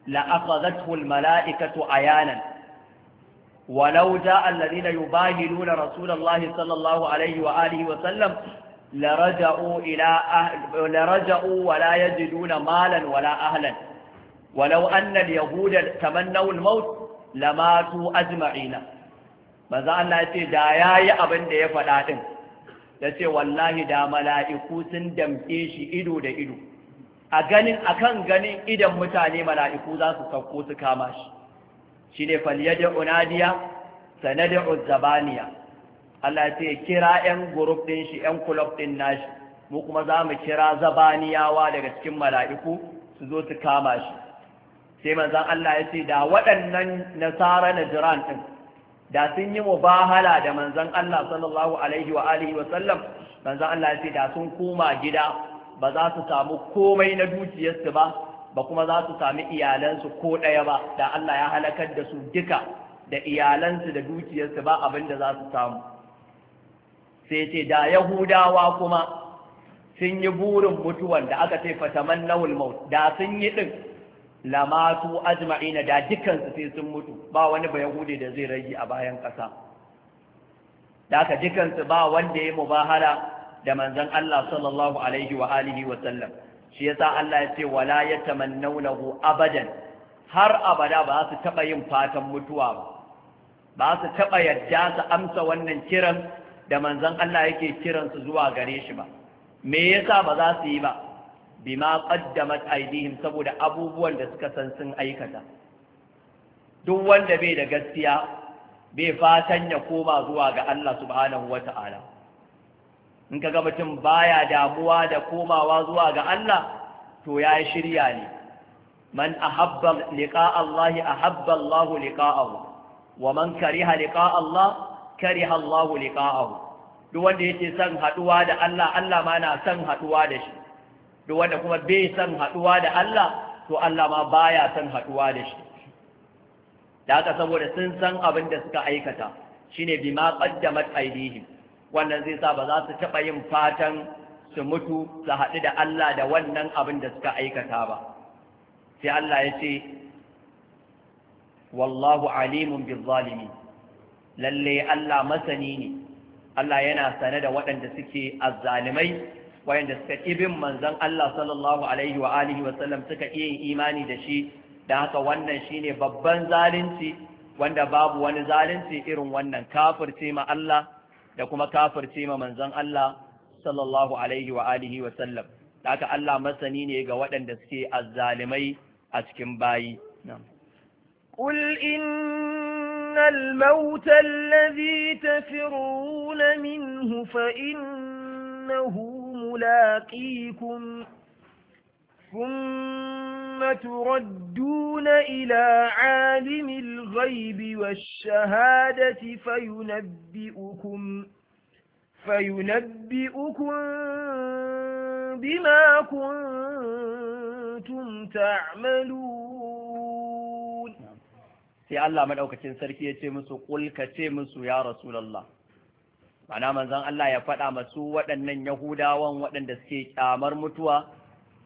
la'akazatul mala’ikatu a yanan walau ja allazi na yi ba hiluna rasulallahi sallallahu Alaihi wala ya ji duna malan wala ahlan walau annal yahuda kamar nau'in maut lamatu azmarina ba za Allah ya ce da ya yi abin da ya faɗaɗin Ya ce wallahi da mala'iku sun damke shi ido da ido a ganin akan ganin idan mutane mala'iku za su sauko su kama shi shi ne faliyadda unadiya sanadin uzzabaniya Allah ce kira 'yan gurup ɗin shi 'yan kulob ɗin nashi mu kuma za mu kira zabaniyawa daga cikin mala'iku su zo su kama shi sai manzan Allah ya ce da waɗannan nasara na jiran ɗin da sun yi mubahala da manzan Allah sallallahu alaihi wa alihi wa sallam manzon Allah ya ce da sun koma gida ba za su samu komai na dukiyarsu ba ba kuma za su sami iyalansu ko ɗaya ba da Allah ya halakar da su duka da iyalansu da dukiyarsu ba abin da za su samu sai ce da yahudawa kuma sun yi burin mutuwan da aka ce fatamannawul maut da sun yi ɗin. lamatu ajma'ina da dukansu sai sun mutu ba wani ba yahudi da zai rage a bayan ƙasa da aka dukansu ba wanda ya mubahala da manzon Allah sallallahu alaihi wa alihi wa sallam shi yasa Allah ya ce wala yatamannawnahu abadan har abada ba su taba yin fatan mutuwa ba ba su taba yadda su amsa wannan kiran da manzon Allah yake kiran su zuwa gare shi ba me yasa ba za su yi ba bima qaddamat aydihim saboda abubuwan da suka san sun aikata duk wanda bai da gaskiya bai fatan ya koma zuwa ga Allah subhanahu wata'ala in kaga mutum baya damuwa da komawa zuwa ga Allah to ya shirya ne man ahabba liqa Allah ahabba Allah liqa'ahu wa man kariha liqa Allah kariha Allah liqa'ahu duk wanda yake son haduwa da Allah Allah ma na son haduwa da shi duk wanda kuma bai san haɗuwa da Allah to Allah ma baya san haɗuwa da shi da haka saboda sun san abin da suka aikata shine bima qaddamat aidihim wannan zai sa ba za su taɓa yin fatan su mutu su haɗu da Allah da wannan abin da suka aikata ba sai Allah ya ce wallahu alimun bil zalimin lalle Allah masani ne Allah yana sane da waɗanda suke azzalimai da suka ibin manzon Allah sallallahu alaihi wa alihi wa sallam suka iya yin imani da shi da haka wannan shine babban zalunci wanda babu wani zalunci irin wannan kafirce ma Allah da kuma kafirce ma manzon Allah sallallahu alaihi wa alihi wa sallam da haka Allah masani ne ga waɗanda suke azzalimai a cikin bayi قل إن الموت الذي تفرون منه فإن أنه ملاقيكم ثم تردون إلى عالم الغيب والشهادة فينبئكم فينبئكم بما كنتم تعملون سي الله madaukakin sarki ya ce musu kul ka ce musu mana manzon Allah ya faɗa masu waɗannan yahudawan waɗanda suke kyamar mutuwa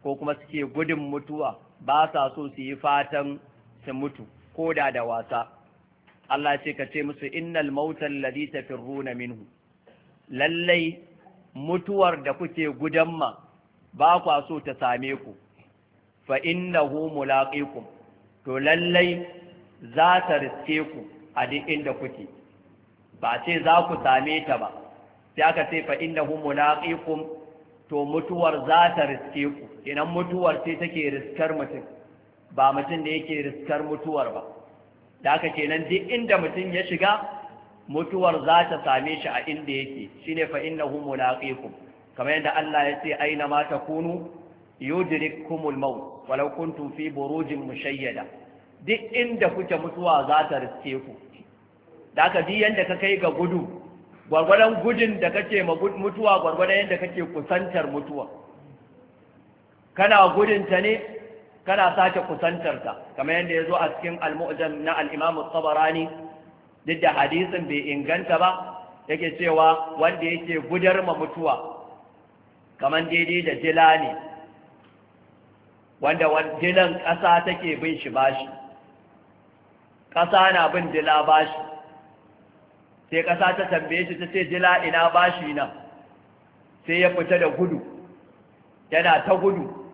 ko kuma suke gudun mutuwa ba sa so su yi fatan su mutu ko da da wasa Allah ce ka ce musu innal mautan ladhi tafirruna minhu lallai mutuwar da kuke gudanma ba kwa so ta same ku fa innahu mulaqikum to lallai za ta riske ku a duk inda kuke ba ce za ku same ta ba sai aka ce fa innahu mulaqikum to mutuwar za ta riske ku idan mutuwar sai take riskar mutum ba mutum da yake riskar mutuwar ba da aka nan duk inda mutum ya shiga mutuwar za ta same shi a inda yake shine fa innahu mulaqikum kamar yadda Allah ya ce aina ma takunu yudrikumul maut walau kuntum fi burujin mushayyada duk inda kuke mutuwa za ta riske ku da aka ji yadda ka kai ga gudu gwargwadon gudun da kake mutuwa gwargwadon yadda kake kusantar mutuwa kana gudunta ne kana sake kusantarta kamar yadda ya zo a cikin almu'jam na al'imamu tsabarani duk da hadisin bai inganta ba yake cewa wanda yake gudar ma mutuwa kamar daidai da jila ne wanda jilan ƙasa take bin shi bashi ƙasa na bin dila bashi sai ƙasa ta tambaye shi ta ce jila ina bashi nan sai ya fita da gudu yana ta gudu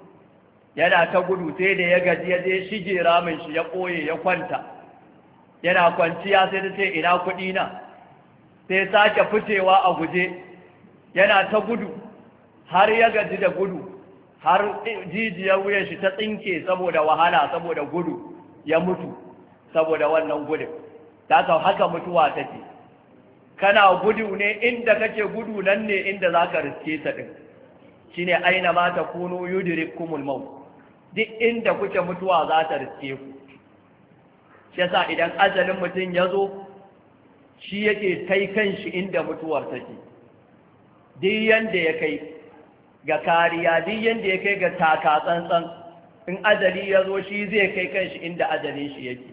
yana ta gudu sai da ya gaji ya je shige ramin shi ya ɓoye ya kwanta yana kwanciya sai ta ce ina kuɗi na sai sake fitewa a guje yana ta gudu har ya gaji da gudu har jijiyar wuyan shi ta tsinke saboda wahala saboda gudu ya mutu saboda wannan gudun ta haka mutuwa take kana gudu ne inda kake gudu nan ne inda za ka riske ta ɗin shi ne aina ma ta kuno yudirik kumul mau duk inda kuke mutuwa za ta riske ku shi yasa idan ajalin mutum ya zo shi yake kai kanshi inda mutuwar take duk yanda ya kai ga kariya duk yanda ya kai ga taka tsantsan in ajali ya zo shi zai kai kanshi inda ajalin shi yake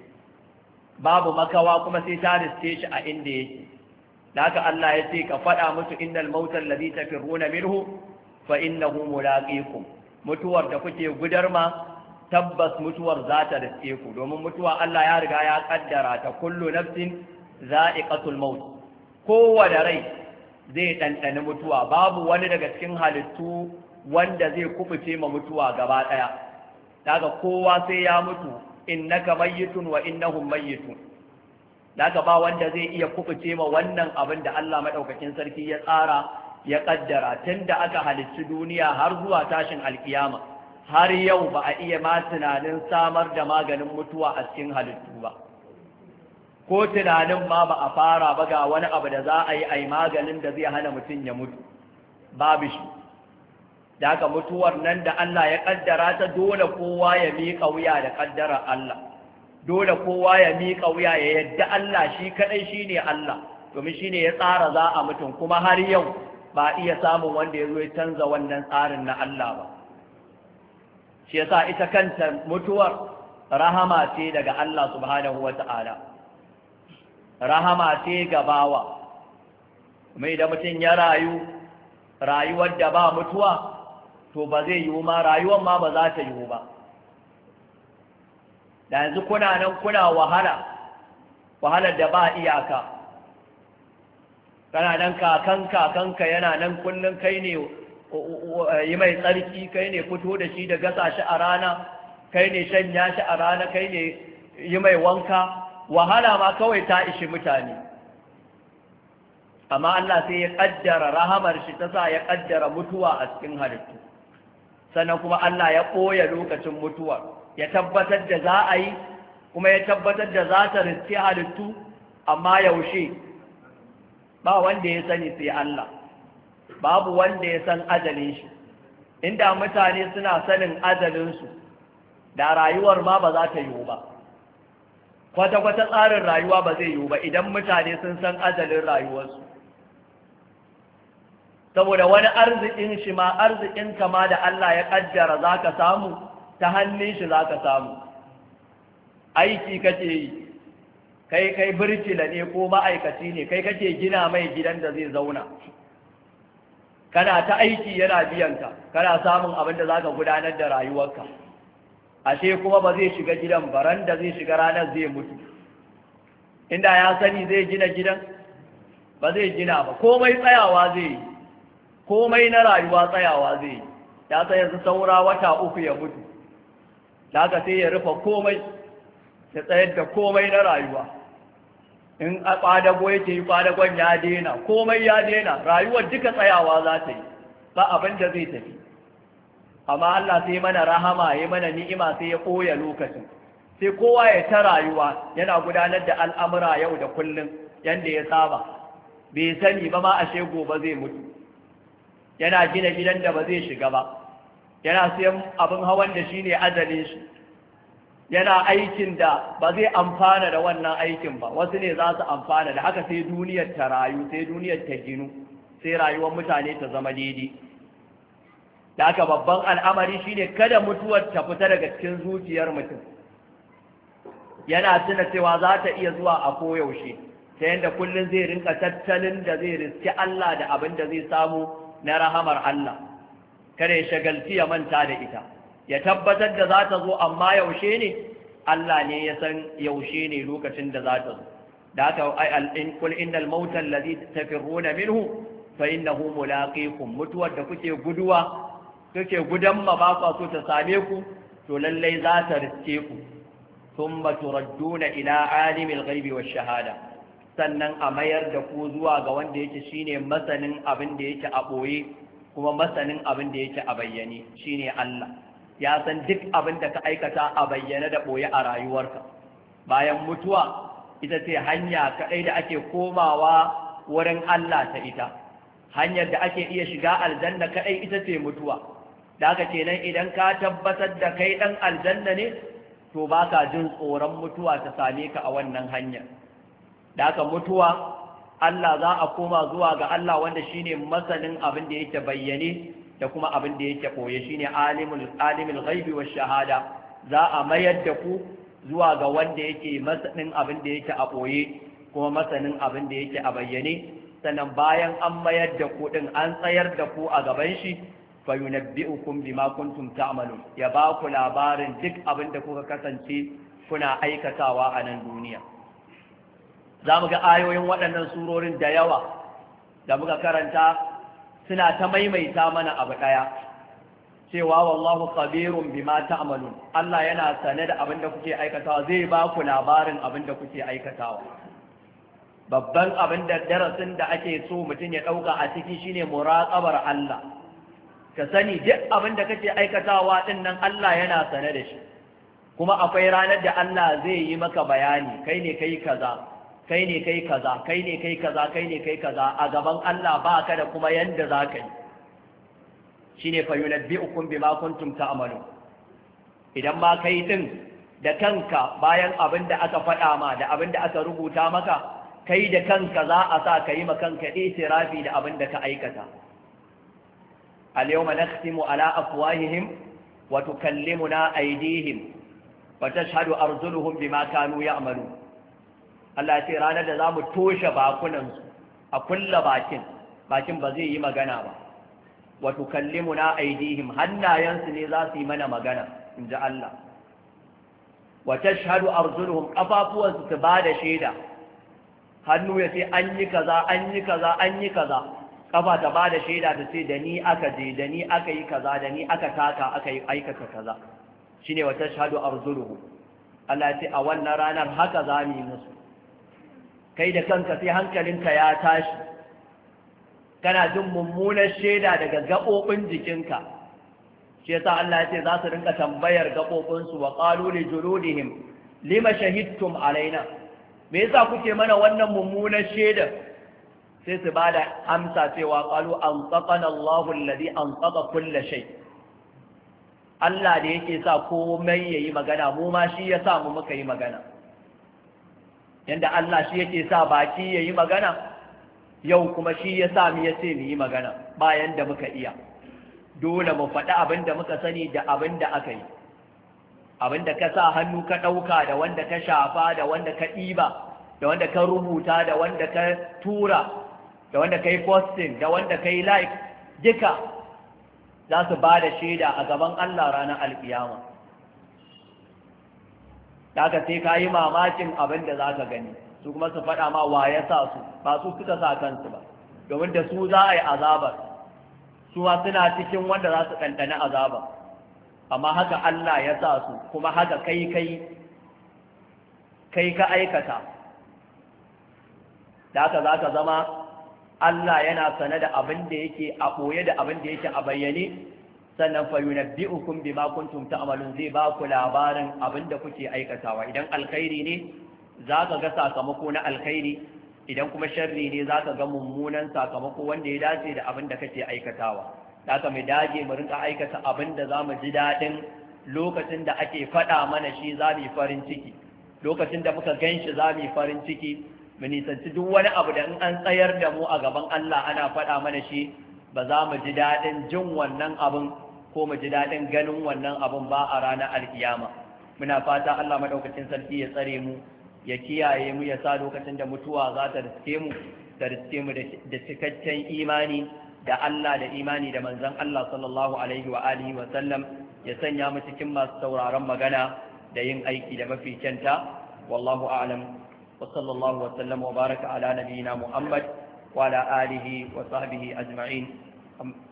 babu makawa kuma sai ta riske shi a inda yake da Allah ya ce ka faɗa musu innal mauta alladhi tafirruna minhu fa innahu mulaqikum mutuwar da kuke gudarma tabbas mutuwar za ta riske ku domin mutuwa Allah ya riga ya kaddara ta kullu nafsin za'iqatul maut kowane rai zai ɗanɗani mutuwa babu wani daga cikin halittu wanda zai kubuce ma mutuwa gaba ɗaya daga kowa sai ya mutu innaka mayyitun wa innahum mayyitun daga ba wanda zai iya kubuce ma wannan abin da Allah madaukakin sarki ya tsara ya kaddara tunda aka halicci duniya har zuwa tashin alkiyama har yau ba a iya ma tunanin samar da maganin mutuwa a cikin halittu ba ko tunanin ma ba a fara ba ga wani abu da za a yi ai maganin da zai hana mutum ya mutu babu shi da mutuwar nan da Allah ya kaddara ta dole kowa ya miƙa wuya da kaddara Allah dole kowa ya miƙa wuya ya yadda Allah shi kaɗai shi ne Allah domin shi ne ya tsara za a mutum kuma har yau ba iya samun wanda ya zo ya canza wannan tsarin na Allah ba shi yasa ita kanta mutuwar rahama ce daga Allah subhanahu wa ta'ala rahama ce ga bawa mai da mutum ya rayu rayuwar da ba mutuwa to ba zai yiwu ma rayuwar ma ba za ta yiwu ba da yanzu kuna nan kuna wahala wahalar da ba iyaka kana nan kakan kakanka yana nan kullum kai ne eh, yi mai tsarki kai ne fito da shi da gasa shi a rana kai ne shanya shi a rana kai ne yi mai wanka wahala ma kawai ta ishi mutane amma Allah sai ya kaddara rahamar shi ta sa ya kaddara mutuwa a cikin halittu sannan kuma Allah ya ɓoye lokacin mutuwa ya tabbatar da za a yi kuma ya tabbatar da za ta riske halittu amma yaushe ba wanda ya sani sai Allah babu wanda ya san ajalin shi inda mutane suna sanin ajalinsu da rayuwar ma ba za ta yiwu ba kwata-kwata tsarin rayuwa ba zai yiwu ba idan mutane sun san ajalin rayuwarsu saboda wani arzikin shi ma arzikin kama da Allah ya kaddara za ka samu ta hannun shi za ka samu aiki kake yi kai kai birkila ne ko ma'aikaci ne kai kake gina mai gidan da zai zauna kana ta aiki yana biyanka kana samun abin da za ka gudanar da rayuwarka ashe kuma ba zai shiga gidan baran da zai shiga ranar zai mutu inda ya sani zai gina gidan ba zai gina ba komai tsayawa zai yi komai na rayuwa tsayawa zai yi ya sai yanzu saura wata uku ya mutu da sai ya rufe komai ya tsayar da komai na rayuwa in a ƙwadago yake yi ƙwadagon ya daina komai ya daina rayuwar duka tsayawa za ta yi ba abin da zai tafi amma Allah sai mana rahama ya mana ni'ima sai ya ɓoye lokacin sai kowa ya ta rayuwa yana gudanar da al'amura yau da kullum yadda ya saba bai sani ba ma ashe gobe zai mutu yana gina gidan da ba zai shiga ba yana siyan abin hawan da shi ne azalin shi yana aikin da ba zai amfana da wannan aikin ba wasu ne za su amfana da haka sai duniyar ta rayu sai duniyar ta ginu sai rayuwar mutane ta zama daidai da haka babban al'amari shi ne kada mutuwar ta fita daga cikin zuciyar mutum yana tuna cewa za ta iya zuwa a koyaushe ta yadda kullum zai rinka tattalin da zai riski Allah da abin da zai samu na rahamar Allah kada ya shagalci ya manta da ita ya tabbatar da za ta zo amma yaushe ne Allah ne ya san yaushe ne lokacin da za ta zo da haka ai kul innal ta fi rona minhu fa innahu ku mutuwar da kuke guduwa kuke gudan ma ba ku ta same ku to lallai za ta riske ku thumma na ila alimil ghaibi wa shahada sannan a mayar da ku zuwa ga wanda yake shine masanin abin da yake a ɓoye kuma masanin abin da yake a bayyane shine Allah ya san duk abin da ka aikata a bayyane da boye a rayuwarka bayan mutuwa ita ce hanya kaɗai da ake komawa wurin Allah ta ita hanyar da ake iya shiga aljanna kaɗai ita ce mutuwa da aka ce nan idan ka tabbatar da kai ɗan aljanna ne to ba ka jin tsoron mutuwa ta same ka a wannan hanyar da aka mutuwa Allah za a koma zuwa ga Allah wanda shine masanin abin da yake bayyane da kuma abin da yake koye shine alimul alimul ghaibi wa shahada za a mayar da ku zuwa ga wanda yake masanin abin da yake a koye kuma masanin abin da yake a bayyane sannan bayan an mayar da ku din an tsayar da ku a gaban shi fa yunabbi'ukum bima kuntum ta'malun ya ba ku labarin duk abin da kuka kasance kuna aikatawa a nan duniya za mu ga ayoyin waɗannan surorin da yawa da muka karanta suna ta maimaita mana abu ɗaya cewa wallahu khabirun bima ta'malun Allah yana sane da abin da kuke aikatawa zai ba ku labarin abin da kuke aikatawa babban abin da darasin da ake so mutum ya ɗauka a ciki shine muraqabar Allah ka sani duk abin da kake aikatawa din nan Allah yana sane da shi kuma akwai ranar da Allah zai yi maka bayani kai ne kai kaza kai ne kai kaza kai ne kai kaza kai ne kai kaza a gaban Allah ba ka da kuma yanda za ka yi shine fa yunabbi'ukum bima kuntum ta'malun idan ma kai din da kanka bayan abin da aka faɗa ma da abin da aka rubuta maka kai da kanka za a sa ka yi ma itirafi da abin da ka aikata al-yawma nakhtimu ala afwahihim wa tukallimuna aydihim wa tashhadu arjuluhum bima kanu ya'malun Allah ce ranar da za mu toshe bakunansu a kulla bakin bakin ba zai yi magana ba wa tukallimuna aidihim hannayensu ne za su yi mana magana in ji Allah Wata shahadu arjuluhum kafafuwansu su ba da shaida hannu ya ce an yi kaza an yi kaza an yi kaza Ƙafa ta ba da shaida ta ce da ni aka je da ni aka yi kaza da ni aka taka aka yi aikata kaza Shi ne wa shahadu arjuluhum Allah ya ce a wannan ranar haka za mu yi musu kai da kanka sai hankalinka ya tashi kana jin mummunar shaida daga gaɓoɓin jikinka shi yasa Allah ya ce za su rinka tambayar gaɓoɓinsu wa qalu li juludihim lima shahidtum alaina me yasa kuke mana wannan mummunar shaida sai su bada amsa cewa an anqaqana Allahu alladhi anqaqa kull shay Allah da yake sa komai yayi magana mu ma shi yasa mu muka yi magana yanda Allah shi yake sa baki ya yi magana yau kuma shi ya sa mu ya ce mu yi magana bayan da muka iya dole mu faɗi abin da muka sani da abin da aka yi abin da ka sa hannu ka ɗauka da wanda ka shafa da wanda ka ɗiba da wanda ka rubuta da wanda ka tura da wanda ka yi posting da wanda ka yi like duka za su ba da shaida a gaban Allah ranar alkiyama da aka sai ka yi mamakin abin da za ka gani su kuma su faɗa ma wa ya sa su ba su suka sa kansu ba domin da su za a yi azabar su ma suna cikin wanda za su ɗanɗani azabar amma haka Allah ya sa su kuma haka kai kai kai ka aikata da aka za ka zama Allah yana sane da abin da yake a ɓoye da abin da yake a bayyane sannan fayuna yunabbi'ukum bima kuntum ta'malun zai ba ku labarin abinda kuke aikatawa idan alkhairi ne zaka ga sakamako na alkhairi idan kuma sharri ne zaka ga mummunan sakamako wanda ya dace da abinda kake aikatawa ka mu dage mu rinka aikata abinda mu ji daɗin lokacin da ake faɗa mana shi za mu yi farin ciki lokacin da muka gan shi za mu yi farin ciki mu nisanci duk wani abu da in an tsayar da mu a gaban Allah ana faɗa mana shi ba za mu ji daɗin jin wannan abin ko mu ji daɗin ganin wannan abun ba a ranar alkiyama muna fata Allah madaukakin sarki ya tsare mu ya kiyaye mu ya sa lokacin da mutuwa za ta riske mu ta riske mu da cikakken imani da Allah da imani da manzon Allah sallallahu alaihi wa alihi wa sallam ya sanya mu cikin masu sauraron magana da yin aiki da mafi kyanta wallahu a'lam wa sallallahu wa sallam wa baraka ala nabiyyina muhammad wa ala alihi wa sahbihi ajma'in